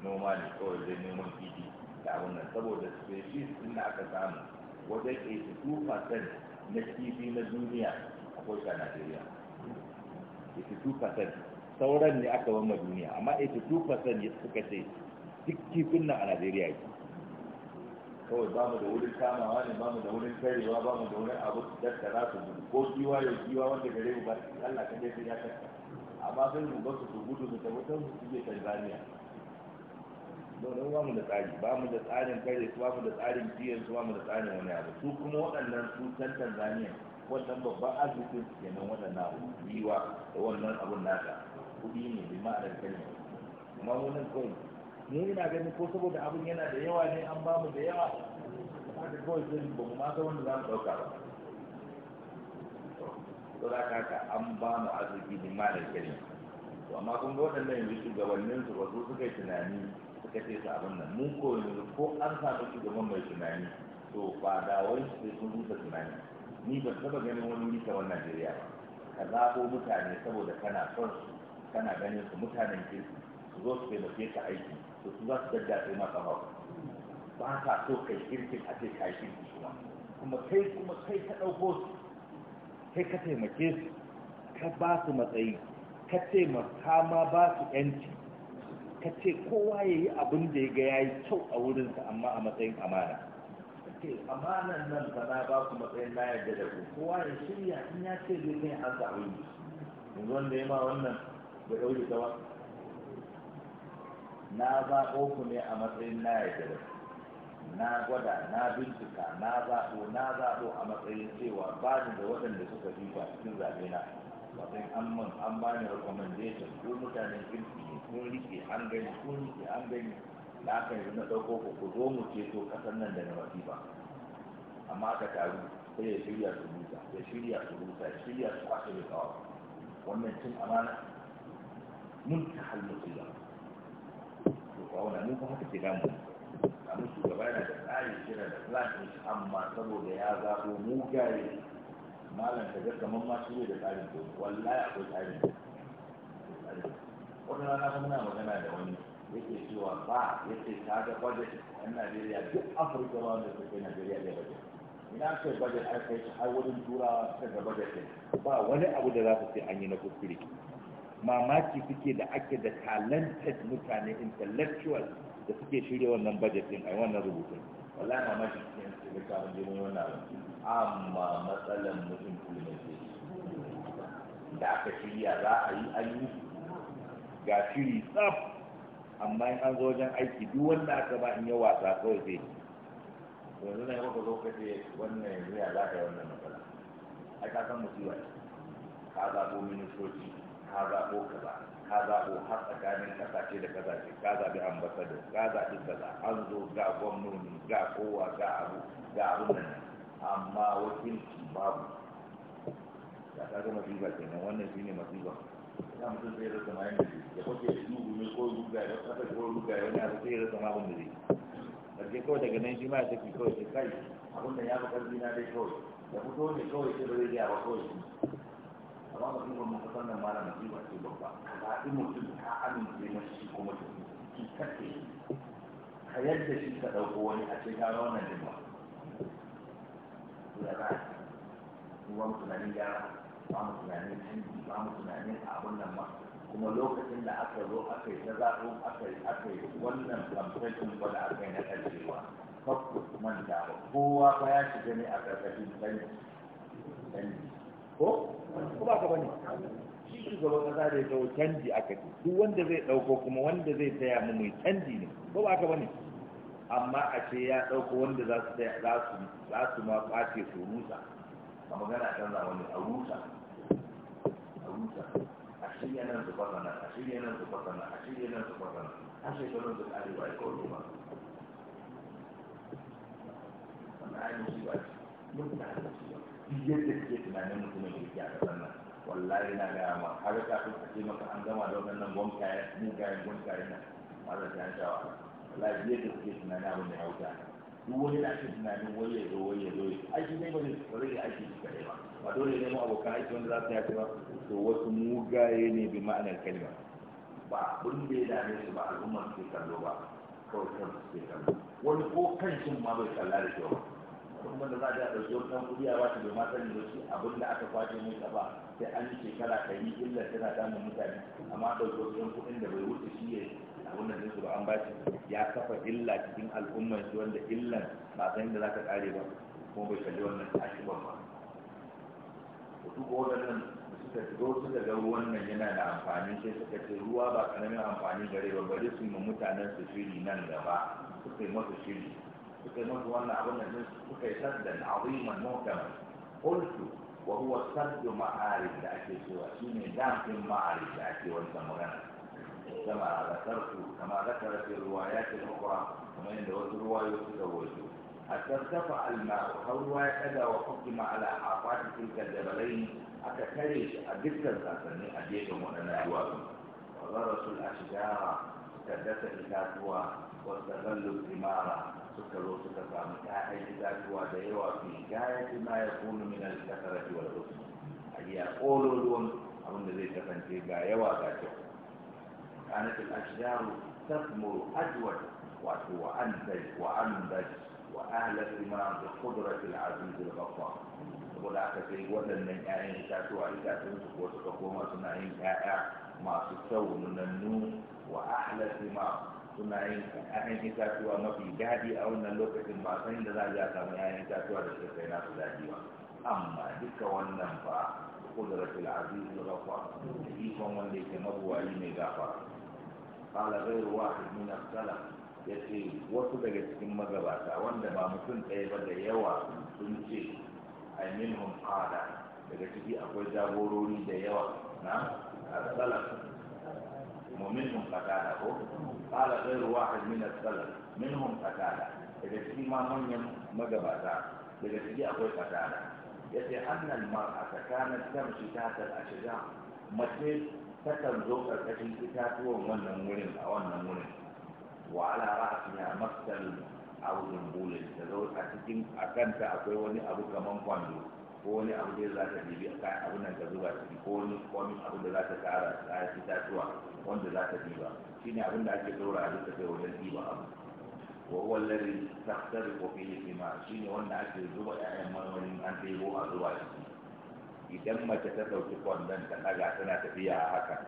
noma ne kawai wajen neman fili da abin nan saboda species ɗin da aka samu wajen 82% na kifi na duniya akwai shi najeriya 82% sauran ne aka wamma duniya amma 82% ya suka ce duk kifin nan a najeriya yake kawai ba mu da wurin kamawa ne ba mu da wurin karewa ba mu da wurin abu da za su gudu ko kiwa ya kiwa wanda gare mu ba su kalla ka dai ya kasa amma sai mu ba su su gudu mu tabbatar su suke Tanzania don ba mu da tsari ba mu da tsarin kare su ba mu da tsarin biyan su ba mu da tsarin wani abu su kuma waɗannan su can Tanzania wannan babban arzikin kenan wannan na yiwa da wannan abun ne bi ma'anar wannan ne ina ganin ko saboda abun yana da yawa ne an ba mu da yawa haka kawai sai ba mu mata wanda za mu ɗauka ba to da an ba mu arziki bi ma'anar kalma amma kun ga waɗannan yanzu shugabannin su wasu suka yi tunani suka ce su abin nan mun ko an samu shugaban mai tunani to ba da wani sun rusa tunani ni ba taba ganin wani wuri wani najeriya ba ka zaɓo mutane saboda kana son su kana ganin su mutanen ke su zo su taimake ka aiki to su za su ma ka hau ba ka so kai kirkin a ce kai kirki kuma kuma kai kuma kai ka ɗauko su kai ka taimake su ka ba su matsayi ka taimaka ma ba su yanci ka ce kowa ya yi abin da ya ga ya yi kyau a wurinsa amma a matsayin amana ce amanan nan ba na ba ku matsayin na yarda da ku kowa ya shirya in ya ce zai kai an zaɓe ni yanzu wanda ya ma wannan da ɗaure ta na zaɓo ku ne a matsayin na yarda da ku na gwada na bincika na zaɓo na zaɓo a matsayin cewa ba ni da waɗanda suka fi ba cikin zaɓe na matsayin an man an bani recommendation ko mutanen kirki ne ko rike an gani ko rike an gani da aka yi na ɗauko ku ku zo mu ceto ƙasar nan daga masifa amma aka taru sai ya shirya su rusa ya shirya su rusa ya shirya su kwashe da kawo wannan cin amana mun ta halmusu da to kawo na mun kuma haka ke damu a mun gaba yana da tsari shirya da plan ɗin shi amma saboda ya zaɓo mugaye malam ka ga kamar ma shi da tsarin ko wallahi akwai tsarin ko tsarin wannan rana kuma muna magana da wani yake cewa ba yake ta ga budget yan Najeriya duk Afirka ba da suke Najeriya da budget ina ce budget a kai shi har wurin turawa ta ga budget ba wani abu da za su ce an yi na kuskure mamaki suke da ake da talented mutane intellectual da suke shirya wannan budget din a wannan rubutun wallahi mamaki suke yin su da mun je wannan abu amma matsalan mu implementation da aka shirya za a yi an yi ga shiri tsaf amma in an zo wajen aiki duk wanda aka ba in yi wasa kawai zai yanzu yi maka zo ka wannan yanzu ya za ka yi wannan matsala ai ka san musiba ne ka zaɓo ministoci ka zaɓo kaza ka zaɓo har tsakanin kasashe da kasashe ka zaɓi ambasado ka zaɓi kaza an zo ga gwamnoni ga kowa ga abu ga abun nan amma wakilci babu ya ta ga masifa kenan wannan shine masifa ya mutum zai rasa ma yadda ya kwace da dubu ne ko ruga ya kasa ko ruga ya wani abu rasa ma da zai kawai daga nan shi ma ya tafi kawai sai kai abin da ya fi ƙarfi na dai kawai ya fito ne kawai zai kawai shi amma ma ba ce babba ka haɗi mutum ka amince mashi shi kuma ta ki ka yadda shi ka ɗauko wani a ce ka wannan jima. Ya za a yi, ruwan tunanin gyara. ba tunanin canji ba tunanin abin nan ma kuma lokacin da aka zo aka yi ta zaɓo aka yi aka yi wannan kamfanin wanda aka yi na ƙarshewa kakku manta ba kowa ba ya shiga ne a ƙarƙashin canji canji ko ko ba ka bani shi shugaban ƙasa da ya zo canji aka ce duk wanda zai ɗauko kuma wanda zai taya mu mai canji ne ko ba ka bani amma a ce ya ɗauko wanda za su za su ma ɓace su rusa a magana canza wani a rusa ashe yana da bakana ashe yana da bakana ashe yana da bakana ashe garin da arewa ya kawo ba wannan ainihin shi ba mun da shi ba yadda kake tunanin mutumin da yake a kasar nan wallahi na gaya ma har kafin a ce maka an gama da waɗannan gwamkayen mugayen gwamkayen nan ba za ta yanka wa wallahi yadda kake tunanin abin da ya wuce a wani na cikin tunanin wani ya zo wani ya zo aiki ne ba zai aiki da ba ba dole ne mu abokan aiki wanda za su yace ba to wasu mugaye ne bi ma'anar kalma ba abin da ya dame su ba al'ummar su kallo ba kawai kan su kallo wani ko kan shin ma bai kalla da kyau kuma da za a ɗauki wani kan kuɗi a ba da bai ma sani da shi abin da aka kwace mai ba sai an yi shekara ɗari illa tana damun mutane amma ɗauki wani kuɗin da bai wuce shi ya wannan ne su ba an bashi ya kafa illa cikin al'ummar shi wanda illan ba san da zaka kare ba kuma bai kalli wannan tashi ba ba to duk wannan suka shigo suka ga wannan yana da amfani sai suka ce ruwa ba karamin amfani gare ba bari su ma mutanen su shiri nan gaba suka yi masa shiri suka yi masa wannan abin da din suka yi saddan abin muhtaman qultu wa huwa saddu ma'arif da ake cewa shine dafin ma'arif da ake wannan magana كما ذكرت كما ذكر في الروايات الأخرى كما عند الرواية تزوجوا حتى ارتفع الماء فهو كذا وقدم على حافات تلك الجبلين أتكريش أجدت أتني أجيتهم وأنا أجوابهم وغرسوا الأشجار تدس إتاتوا واستغلوا الثمار سكروا سكروا متاحي إتاتوا ديروا في غاية ما يكون من الكثرة والغصن أي يقولوا لهم أظن ذي تفنتي غاية وغاتهم كانت الأشجار تثمر أجود وأنتج وأنبت وأهل الثمار بقدرة العزيز الغفار ولا تكي وزن من آين كاتو عيسى تنسك وتقفو ما سنعين كائع ما ستو من النوم وأحلى ثمار سنعين آين كاتو ما في جادي أو نلوكة ما سنين لا جاتا من آين كاتو على الشرقين أصلا جيوا أما بك والنفع بقدرة العزيز الغفار إيقا من ليك مضوى إيمي غفار qala ghayru wahid min as-salaf wasu daga cikin magabata wanda ba mutum ɗaya ba da yawa sun ce ai minhum qala daga ciki akwai jagorori da yawa na as-salaf ومنهم قتادة قال غير واحد من السلف منهم قتادة إذا في ما من مجبتا إذا في أقوى قتادة يتي أن المرأة كانت تمشي تحت الأشجار مثل takan zo karkashin itatuwan wannan wurin a wannan wurin wa ala ra'siha masal abun bulin da zo a cikin a kanta akwai wani abu kaman kwando ko wani abu da za ta bibi a abu nan da zuba ciki ko wani wani abu da za ta tsara tsara itatuwa wanda za ta diba shine abin da ake dora a duka kai wajen diba abu wa huwa alladhi tahtariqu fihi al shi shine wanda ake zuba 'ya'yan marmarin an debo a zuba ciki idan mace ta ɗauki kwandon ta ɗaga tana tafiya a haka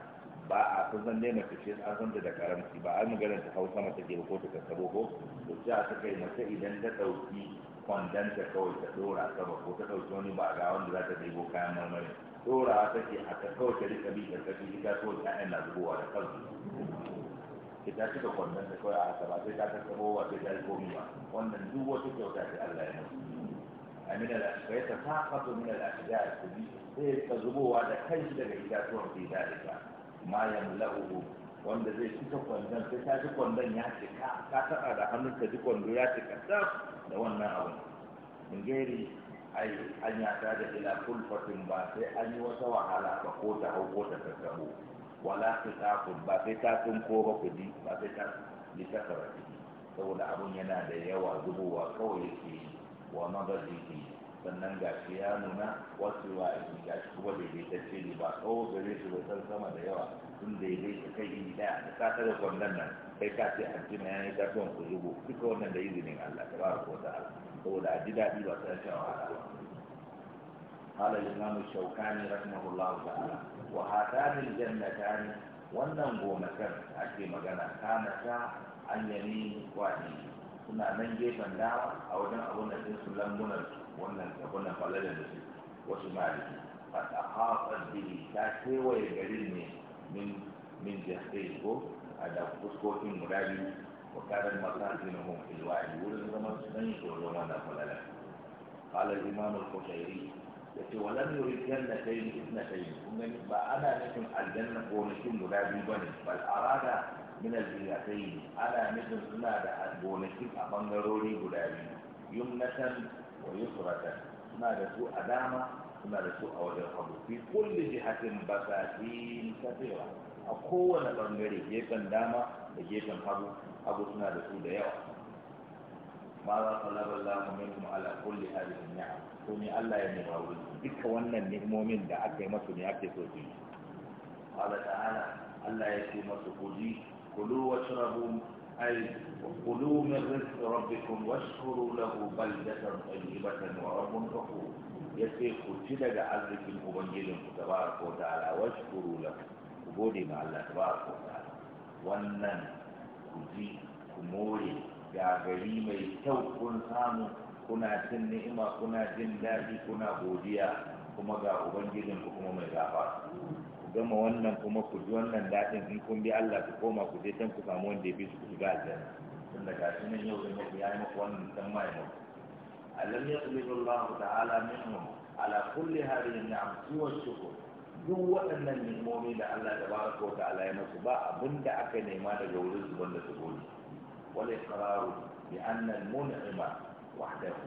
ba a sun zan dai mace ce an zanta da karamci ba an yi ta hausa mace ke ko ta kasabo ko to ta ta kai mace idan ta ɗauki kwandon ta kawai ta ɗora sama ko ta ɗauki wani ba ga wanda za ta ɗebo kayan marmari ɗorawa ke a ta kawai ta rika bi ƙarƙashin ita kawai ta'yan na zubowa da kansu ke ta cika kwandon ta kawai a haka ba sai ta kasabo ba sai ta yi komi ba wannan duk wata kyauta ce Allah ya mutu من ويتساقط من الأشجار فيتزبوا على كيش لغيجاتهم في ذلك ما يملأه wanda zai cika kwandon sai ta ji kwandon ya cika ka taɓa da hannun ta ji kwando ya cika saf da wannan abin ingeri ai an da ila kulfatin ba sai an yi wata wahala ba ko ta hau ko ta wala su tsakun ba sai ko ba kudi ba sai ta ni ta saboda abin yana da yawa zubowa kawai yake yi wa magazihi sannan ga shi ya nuna wasu wa aiki ga shi kuma daidaitacce ne ba tsawo su shi bai sama da yawa sun daidaita kai iri daya da ka tare kwandon nan kai ka ce an jima yayin kasuwan ku zubo duka wannan da izinin Allah ta bara ko ta'ala saboda a ji daɗi ba sai shan wahala ba قال الإمام الشوكاني رحمه الله تعالى وهاتان ni? wannan gonakan ake magana kanata an ni kwaɗi. suna nan gefen dama a wajen abun da sun su lambunan wannan abunan falalar da su wasu maliki a tsakafar bihi ta kewaye garin ne min min jihar ko a da fuskokin guda biyu وكان المساجد هم في الوادي والزمن سنين يقولون فللا قال الإمام القشيري يتي ولم يرد ba ana ومن aljanna ko لكم الجنة ba ne bal min al ana nufin suna da gonakin a bangarori guda biyu yumnatan wa yusratan suna da su a dama suna da su a wajen hagu fi kulli jihatin basatin kasewa a kowane bangare gefen dama da gefen hagu hagu suna da su da yawa ma za su labar lamu minkum ala kulli hadhihi ni'am ko ne Allah ya nema wuri duka wannan ni'imomin da aka yi masu ne ake so su yi ta'ala Allah ya ce masu kuji كلوا واشربوا أي كلوا من رزق ربكم واشكروا له بلدة طيبة ورب غفور يسير كتلة لعزك المبين تبارك وتعالى واشكروا له وجودي مع الله تبارك وتعالى wannan ku ji ku more ga gari mai kyau kun samu kuna cin ni'ima kuna jin daɗi kuna godiya kuma ga ubangijinku kuma mai gafa gama wannan kuma ku ji wannan daɗin in kun bi Allah ku koma ku je can ku samu wanda ya bi su ku shiga aljanna tun da gashi nan yau zai muku ya yi muku wannan san ma ya muku alam yaqbilu Allah ta'ala minhum ala kulli hadhihi ni'am wa shukur duk waɗannan ni'imomi da Allah tabaraka wa ta'ala ya musu ba da aka nema daga wurin su banda su gode wal iqraru bi anna al-mun'ima wahdahu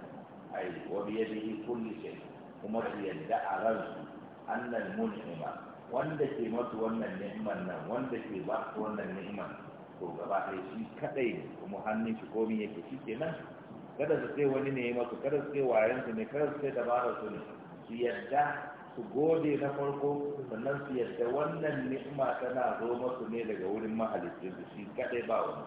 ay wa bi yadihi kulli shay kuma su yadda a ransu annal mun'ima wanda ke masu wannan ni'imar nan wanda ke ba su wannan ni'imar to gaba ɗaya shi kaɗai kuma hannun shi komi yake shi kenan kada su sai wani ne masu kada su sai wayan su ne kada su sai dabara su ne su yadda su gode na farko sannan su yadda wannan ni'ima tana zo masu ne daga wurin mahalicin su shi kaɗai ba wani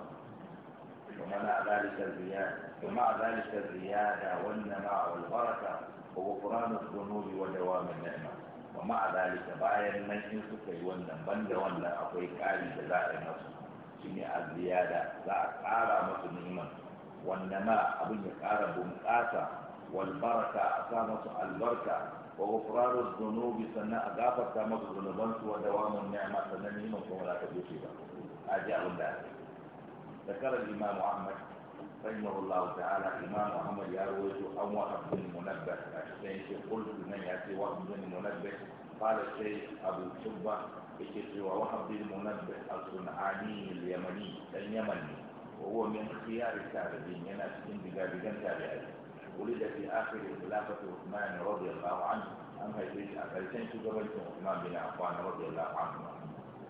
kuma na zalikar ziya kuma a ziya da wannan ma'a wal baraka wa qur'anul dhunubi wa mai ni'ima wa ma'azalika bayan nan in suka yi wannan banda wannan akwai ƙari da za a yi masu shi ne a ziyada za a ƙara masu niman wanda ma abin ya ƙara bunƙasa wal baraka a sa masu albarka wa gufrarus zunubi sannan a gafarta masu zunubansu wa dawamun ni'ama sannan niman kuma za ta gushe ba a ji abin da ذكر الإمام أحمد رحمه الله تعالى إمام محمد يروي عن وهب بن منبه أحسن قلت من يأتي وهب بن منبه قال الشيخ أبو شبة بكتر وهب بن منبه الصنعاني اليمني اليمني وهو من خيار التابعين ينال من بجابجان تابعين ولد في آخر خلافة عثمان رضي الله عنه أما يجري أفلسين شجرة عثمان بن عفان رضي الله عنه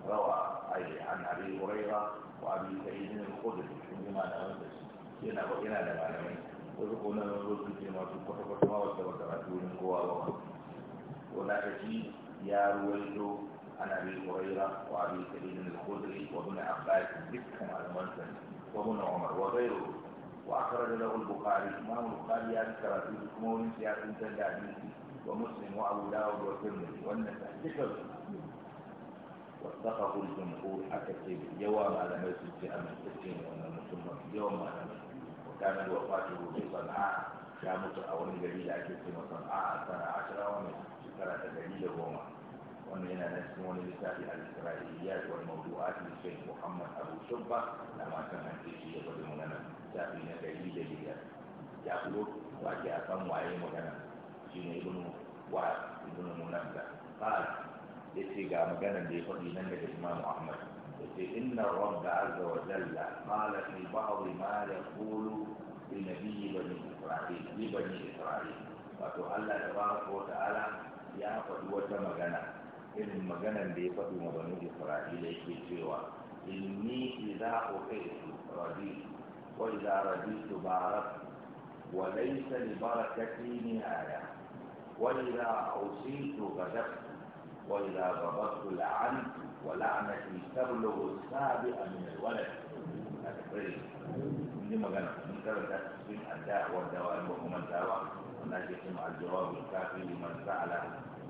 روى أي عن أبي هريرة وأبي سعيد الخدري عندما نوزل yana yana da malamai wasu ko nan zo su ce masu kwata kwata ma wata wata a turin kowa ba ko na ta ci ya ruwaito an abi huraira wa abi sa'id al-khudri wa da abbas dukkan malaman sa wa ibn umar wa ghayru wa akhraj lahu al-bukhari imam al-bukhari ya karatu kuma wani ya tuntar da hadisi wa muslim wa abu dawud wa tirmidhi wannan ta dukkan واتفقوا الجمهور حتى كيف جواب على مسجد أمن تسين وأن المسلمين يوم على مسجد Da nan wa fati rufe sana'a ya mutu a wani gari da ake cewa sana'a a sana'a a shara wani shekara ta gari da goma wannan yana nan cikin wani littafi a Isra'il, ya da wani a cikin shek muhammad abu shubba na matan hanci shi ya gwada muna nan littafi na gari da gida ya kuro ba ke a san waye magana shi ne ibnu wa ibnu munabda ba ya ce ga maganan da ya faɗi nan daga imamu ahmad ان الرب عز وجل قال في بعض ما يقول لنبي بني إسرائيل لبني إسرائيل فتعالى تبارك وتعالى يا قد وتمغنى إن المغنى اللي فتو بني إسرائيل في سوى إني إذا أخيت رديت وإذا رديت باركت وليس لبركتي نهاية وإذا أوصيت غدبت وإذا غضبت لعنت ولعنة تبلغ السابع من الولد أتفرج من مغانا من كرة تسبين الداء والدواء وهما الدواء والناس يتم الجواب الكافي لمن سأل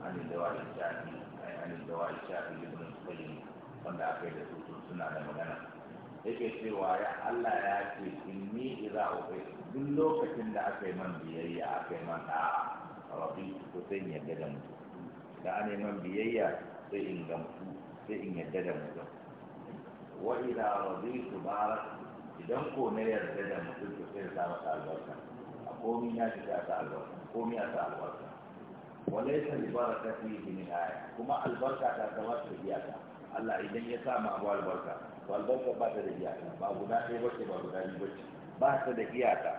عن الدواء الشافي أي عن الدواء الشافي لابن القيم wanda aka yi da su suna da magana yake cewa ya Allah ya ce inni idza ubi duk lokacin da aka yi man biyayya aka yi man da'a rabbi ko sai in yadda da mutu da an yi man biyayya sai in gamsu sai in yarda da mutum wa ila raditu barak idan ko na yarda da mutum to sai sa albarka a komi na shi ta albarka komi a sa albarka wa laysa li barakati bi nihaya kuma albarka ta zama da iyaka Allah idan ya sa ma abu albarka to albarka ba ta da iyaka ba guda ɗaya bace ba guda biyu bace ba ta da iyaka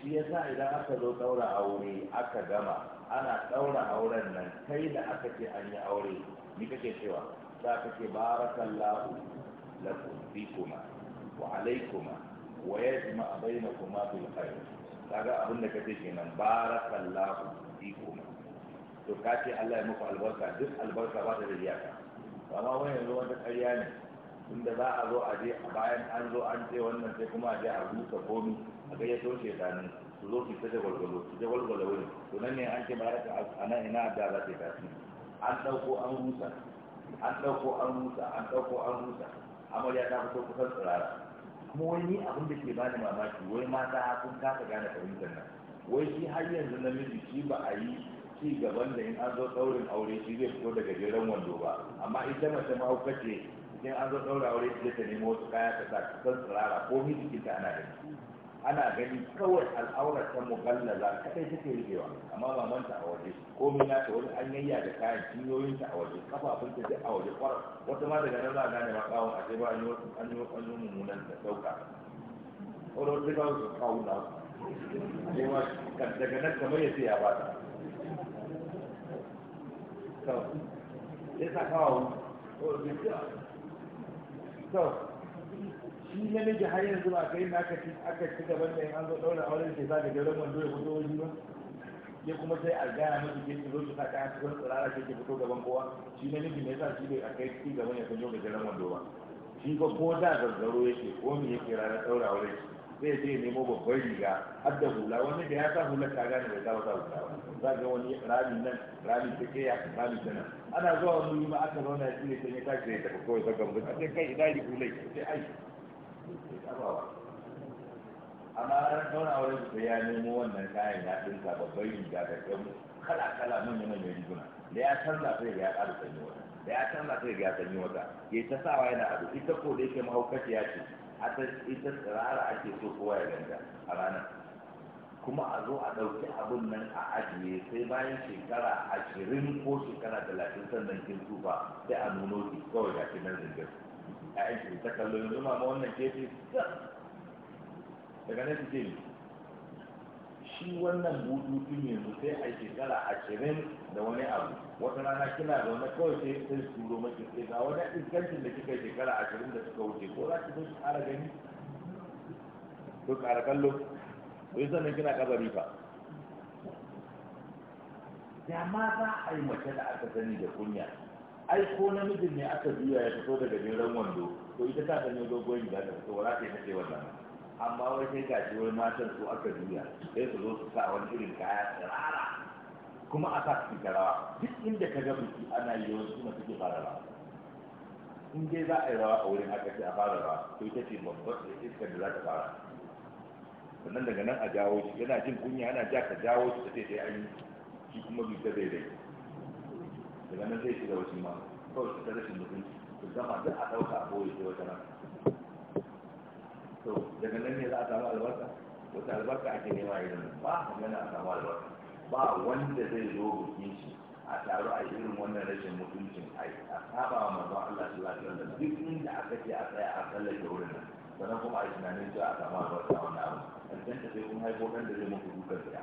shi ya sa idan aka zo ɗaura aure aka gama ana ɗaura auren nan kai da aka ce an yi aure ni kake cewa za ka ce barakallahu lakum fikuma wa alaikuma wa yajma bainakuma bil khair kaga abin da kace kenan barakallahu fikuma to kace Allah ya muku albarka duk albarka ba ta da iyaka amma wani yanzu wata ƙarya ne inda za a zo a je a bayan an zo an ce wannan sai kuma a je a rusa komi a gayyato shetanin su zo su ta da gwalgwalo su da gwalgwalo wani to nan ne an ce baraka a nan ina da za ta tasiri an ɗauko an rusa an ɗauko an rusa an ɗauko an rusa amarya ta fito kusan tsirara kuma wani abin da ke bani mamaki wai mata sun kasa gane fahimtar nan wai shi har yanzu namiji shi ba a yi ci gaban da in an zo ɗaurin aure shi zai fito daga jeren wando ba amma ita mace mahauka ce in an zo ɗaurin aure shi ta nemo wasu kaya ta sa kusan tsirara ko miji kinta ana da ana gani kawai al'aurar ta mugallala kadai take rigewa amma mamanta a waje komai na ta wani an da kayan cinyoyin ta a waje kafafun ta duk a waje kwarar wata ma daga nan za a gane ma kawon a sai ba an yi wasu an yi an mummunan da dauka wani wata ga su kawo na ne ma daga nan kamar ya siya ba ta sau sai sa kawo wani wani shi namiji har yanzu ba kai na aka ci aka ci gaban da an zo daura auren ke sa da garin wando ya fito wani ba ya kuma sai a gaya masa ke ki zo ki saka a cikin tsirara ke fito gaban kowa shi namiji ne yasa shi bai a kai ci gaban ya fito da garin wando ba shi ko ko da zazzaro yake ko me yake ranar daura auren zai je nemo babban riga har da hula wani da ya sa hula ta gane bai zama sa hula ba za ga wani rami nan rami ta keya rami ta nan ana zuwa wani ma aka zauna shi ne sai ya tashi ya tafi kawai zagan mutu a kai ina hulai sai ai amma ran zauna wurin su ya nemo wannan kayan ya ɗinka babban riga da ɗan kala-kala manya-manyan riguna da ya canza sai ya ƙara sanyi wata da ya canza sai ya sanyi wata ya ta sawa yana abu ita ko da yake mahaukaci ya ce ita tsirara ake so kowa ya ganta a ranar kuma a zo a ɗauki abun nan a ajiye sai bayan shekara ashirin ko shekara talatin sannan kin tufa sai a nuno ki kawai ga nan zingar a aiki ta kallon yanzu ma wannan kefi daga nan ce shi wannan bututun yanzu sai a shekara ashirin da wani abu wata rana kina da wani kawai sai sai su turo maki sai eh, ga wani iskancin da kika shekara ashirin da suka wuce ko za ki zo su ƙara gani ko ƙara kallo ko yi sannan kina kabari fa ya ma za a yi mace da aka sani da kunya ai ko namijin ne aka juya ya fito daga jiran wando to ita ta ɗanyo dogon riga ta fito wala sai ta ce wannan amma wai sai ga shi matan su aka juya sai su zo su sa wani irin kaya tsirara kuma a sa su rawa duk inda ka ga biki ana yi wasu kuma suke fara rawa in dai za a yi rawa a wurin aka ce a fara rawa to ita ce babbar iskar da za ta fara sannan daga nan a jawo shi yana jin kunya yana ja ka jawo shi ta ce sai an yi shi kuma bisa daidai daga nan zai shiga wajen ma kawai ta rashin mutunci ku zama duk a ɗauka a boye sai wata rana to daga nan ne za a samu albarka wata albarka ake nema irin ba a gana a samu albarka ba wanda zai zo bukin shi a taru a irin wannan rashin mutuncin a saba wa manzon Allah su lafiya da duk inda aka ce a tsaya a tsallake wurin nan sannan kuma a yi tunanin cewa a samu albarka wannan abu a can ta sai kun haifo ɗan da zai muku dukan gida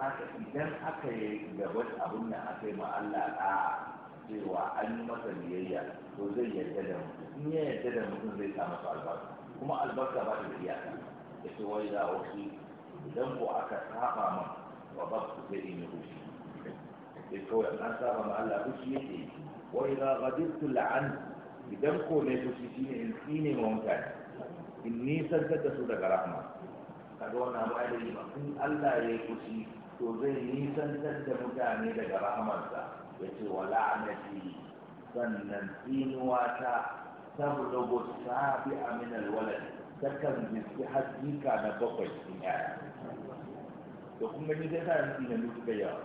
haka idan aka yi ga wani abin da aka yi ma Allah ɗa'a cewa an yi masa biyayya to zai yarda da mutum in ya yarda da mutum zai samu masa albarka kuma albarka ba ta da iyaka ya ce wai za a wasu idan ko aka saba ma wa ba ku zai yi rushi ya kawai an saba ma Allah rushi yake yi wai za gadibtu la'an idan ko ne rushi shine in tsine ma mutane in nisan da su daga rahama kaga wannan ba da yi ba in Allah ya yi rushi to zai nisantar da mutane daga rahamarsa ya ce wa la'anati sannan tsinuwa ta tablugu sabi min alwalad takan jiski hakika na bakwai cikin yaya da kuma ni dai zan tsina ni suka yawa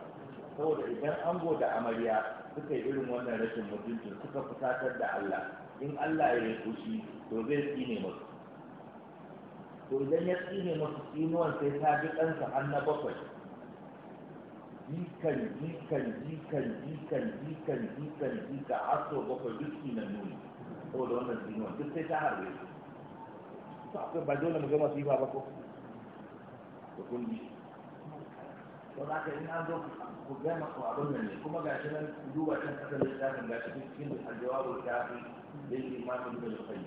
saboda idan ango da amarya suka yi irin wannan rashin mutunci suka fusatar da Allah in Allah ya yi kushi to zai tsine musu to idan ya tsine musu tsinuwan sai ta bi ɗansa har na bakwai jikan jikan jikan jikan jikan jikan jikan a so bakwai duk na nuni saboda wannan zinuwa duk sai ta harbe su to akwai ba dole mu gama su yi ba ko da kundi to za ka in an zo ku gama ku abin nan ne kuma ga shi nan duba can kasar da littafin ga shi cikin da jawabu ta fi da yake mamin da lufayi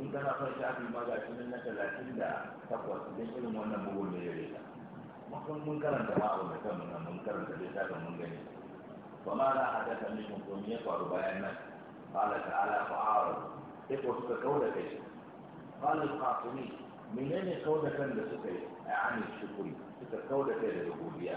in kana son shafi ma ga shi nan na talatin da takwas don irin wannan bugun da ya rika kun mun karanta ma abu da kan mun mun karanta dai ta mun gani wa ma la hadatha minkum to me ya faru bayan nan qala ta'ala fa'aru sai ko suka kauda kai qala al-qasimi menene kauda kan da suka yi a ani shukuri suka kauda kai da rububiyya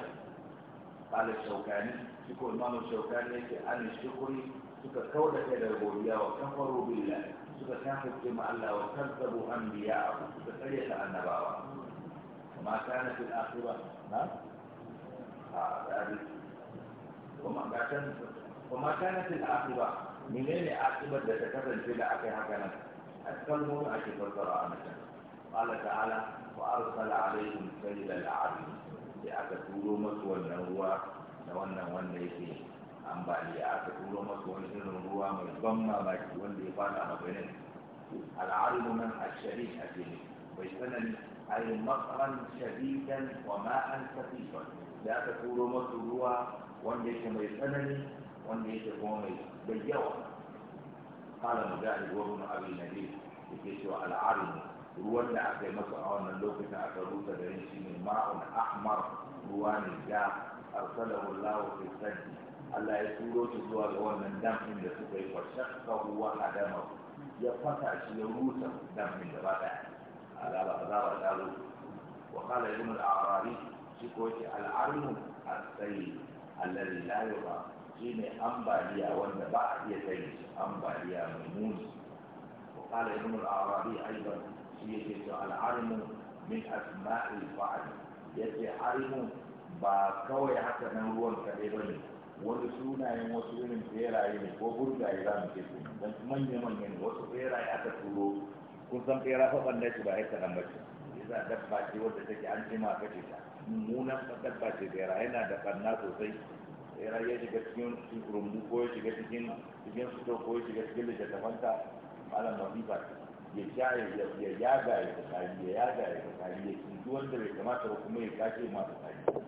qala shaukani shi ko imam shaukani yake ani shukuri suka kauda kai da rububiyya wa kafaru billah suka kafirce ma Allah wa kazzabu anbiya'ahu suka karyata annabawa makanan di akhirat. Nah, dari pemakanan pemakanan di akhirat. Minyaknya akibat dari kata tidak akan akan. Asal mula akibat perkara Allah Taala wa arsala alaihim sayyid al alim di atas bulu mesu dan dua dan dan dan ambal di atas bulu mesu dan dua mengbangga bagi wanita pada apa ini al alim dan al syarif al ini baik mana أي مطرا شديدا وماء خفيفا لا تقول مصر هو وانديك ما يسألني وانديك هو بيوة قال مجاهد وابن أبي نبيل يكشف mu. ruwan da aka masu masa a wannan lokacin aka rusa da yin shi ne ma'un ahmar ruwa ne ja arsalahu Allah fi sadi Allah ya turo shi zuwa ga wannan damin da suka yi wa shakka ya fata shi ya rusa damin da ba daya azaba azaba da dalu wa qala ilmu al shi ko yake al-armu as-sayyi alladhi la yuqa shine ambaliya wanda ba a iya kai ambaliya mai muni wa qala ilmu al-a'rari aidan shi yake to min ba kawai haka nan ruwan kaɗai ba ne wani wasu irin beraye ne ko burgaye za mu ke su don manya-manya ne wasu beraye aka turo kusan tsera faɓan da shi ba ya kaɗan ba ce za dabba ce wadda take an ma kashe ta mummunan dabba ce tsera yana da ɓanna sosai ɓera ya shiga cikin rumbu ko ya shiga cikin cikin fito ko ya shiga cikin littattafanta malam masifa ya sha ya yaga ya tsakari ya yaga ya tsakari ya kintu wanda bai kamata ba kuma ya kashe masu tsakari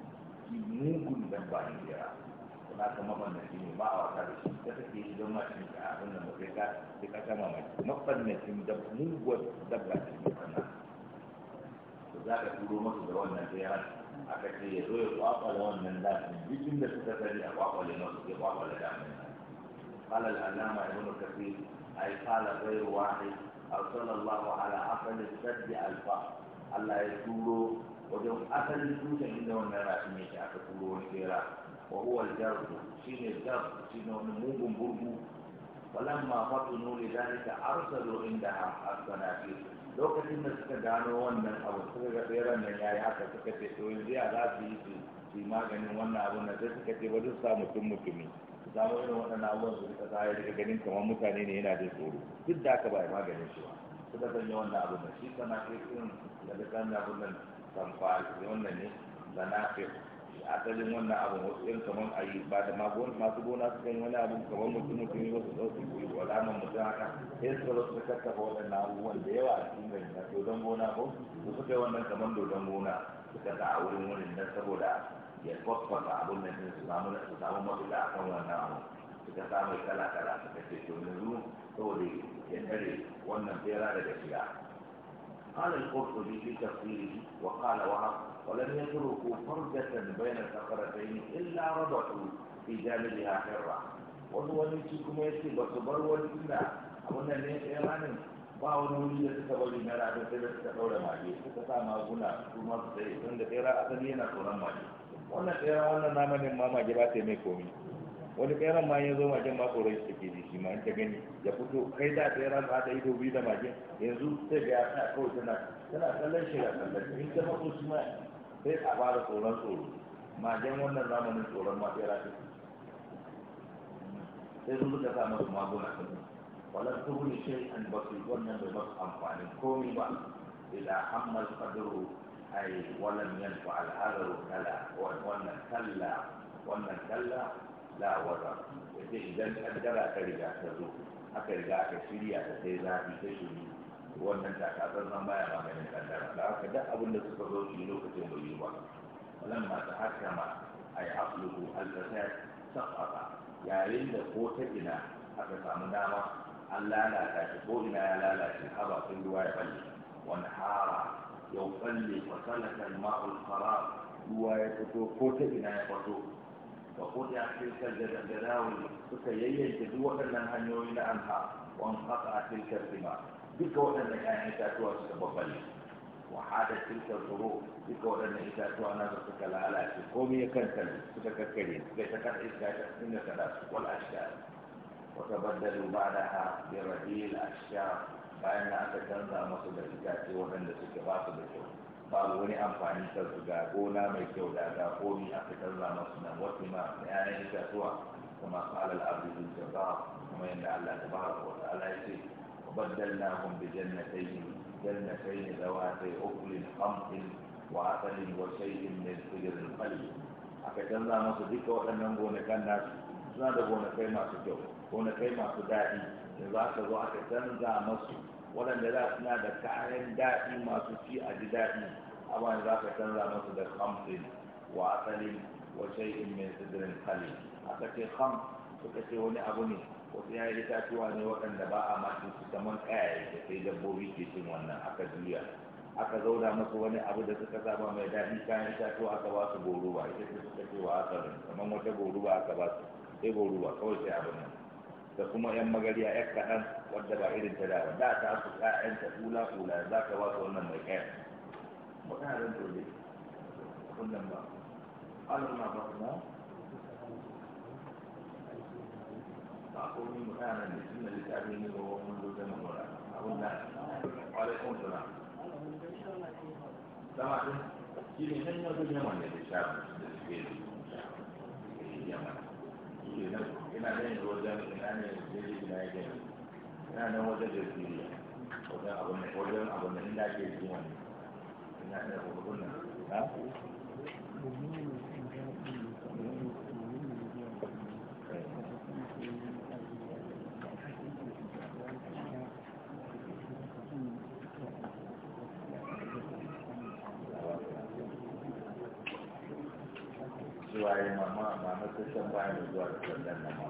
mugun dabba ne ɓera. ba ka mabannaci ne ba a wasa da shi ta take shi don mashin ka abin da mutum ka sai ka gama mai mabannacin da muguwar dabba ce ne sannan to za ka turo masa da wannan tsayar aka ce ya zo ya kwakwale wannan dafin bikin da suka sani a kwakwale masu ya kwakwale dafin قال العلامة ابن كثير أي قال غير واحد أرسل الله على أصل السد الفقر الله يسوره wajen asalin tushen inda wannan rafin yake aka turo wani kera wa huwa al-jarh shine jarh shine wani mugun burgu falamma fatunu li dalika arsalu indaha as-sanaqi lokacin da suka gano wannan abu suka ga tseren nan yayi haka suka ce to yanzu za su yi su maganin wannan abun nan sai suka ce ba zai sa mutum mutumi su samu irin waɗannan abubuwan su rika sa daga ganin kamar mutane ne yana jin tsoro duk da haka ba maganin shi ba suka sanya wannan abun nan shi sanaqi irin daga kan abun nan samfari wannan ne sanaqi asalin wannan abu wasu yan kamar a yi ba da masu gona su kan wani abu kamar mutum mutum yi wasu ɗauki kuyi wa ranar mutum haka sai su zo suka kakkafa waɗannan abubuwan da yawa a cikin gari na dodon gona ko su suka yi wannan kamar dodon gona suka kasa a wurin wurin nan saboda ya kwakwata abun da su samu su samu mafita a kan wannan abu suka samu kala kala suka ce to yanzu saboda ya tare wannan fera daga shiga قال القرطبي في تفسيره وقال وهب ولم يتركوا فرجة بين الفقرتين إلا ربطوا في جانبها حرة وهو نسيكم يسكي بصبر والإلا أولا ليس إيراني باون ولي تتولي مرا بسبب تتولى ماجي تتسا ما هنا ثم تتولى تتولى أسلينا كنا ماجي وانا تيرا وانا نامن ما ماجي باتي ميكومي wani tseren ma ya zo magen ma tsoron shi take shi ma ta gani ya fito kai da tseren ran ta ido biyu da magen yanzu sai ga ya sa kawai tana tana kallon shi da kallon in ta matso shi ma sai a fara tsoron tsoro magen wannan zamanin tsoron ma tsera ta sai su suka sa masu maguna walar wuni shi an ba su wannan bai ba su amfani komi ba ila hammal qadru ai walam yanzu al kala wannan talla wannan kalla la wata ce idan kaddara ta riga ta zo aka riga aka shirya ta sai zafi ta shiri wannan kasar zan baya maganin kaddara da haka duk abin da suka zo shi lokacin bai yi ba lamma ta hakama ay aqluhu al-fasad saqata yayin da ko ta ina aka samu dama an lalata shi ko ina ya lalace habakin ruwa ya balle wani hara ya balle fasalatar ma'ul fara ruwa ya fito ko ta ina ya fito da ko a ake sarja da dawo suka yayyanta duk waɗannan hanyoyi na anha wan qata tilka riba duk waɗannan kayan ita tuwa suka babbale wa hada tilka zuru duk waɗannan ita tuwa na suka kalalace ko me kan kan suka kakkare da ta kan ita ta inda ta dace wal ashya wa tabaddalu ba'daha bi rahil ashya bayan da aka canza masu da ita ce waɗanda suke ba da kyau babu wani amfani ta su ga gona mai kyau da ga komi a fitar masu nan wasu ma da yayan itatuwa kuma kalal abdul jabbar kuma yadda Allah ta tabaraka wa ta'ala ya ce وبدلناهم بجنتين جنتين ذواتي أكل خمط وعسل وشيء من سدر قليل aka canza masu duka waɗannan gonakan nasu suna da gonakai masu kyau gonakai masu daɗi da za ka zo aka canza masu waɗanda za su na da kayan daɗi masu ci a ji daɗi amma za ka canza masu da kamfin wa asalin wa shay'in min sidrin qalil aka ce kam suka ce wani abu ne wasu ya yi itatuwa ne waɗanda ba a mace su kamar kayaye da sai dabbobi ke cin wannan aka juya aka zauna masu wani abu da suka saba mai daɗi kayan itatuwa aka ba su goruba ita ce suka ce wa asalin kamar wata goruba aka ba su sai goruba kawai sai abu nan da kuma yan magariya yan kaɗan wadda ba irin ta dawa da ta su ƴaƴan ta hula hula za ka wasu wannan mai ƴan mutanen dole wannan ba alama ba na ba ko ni mutanen da suna littafin ne ba wani lokutan mamura abun da alaikum salam sama din shi ne hanyar da yaman da ta shafi da suke da yaman ke nan ina nan wajen ina ne ina gani ina nan wajen da wajen wajen inda ina ne kusan bayan zuwa da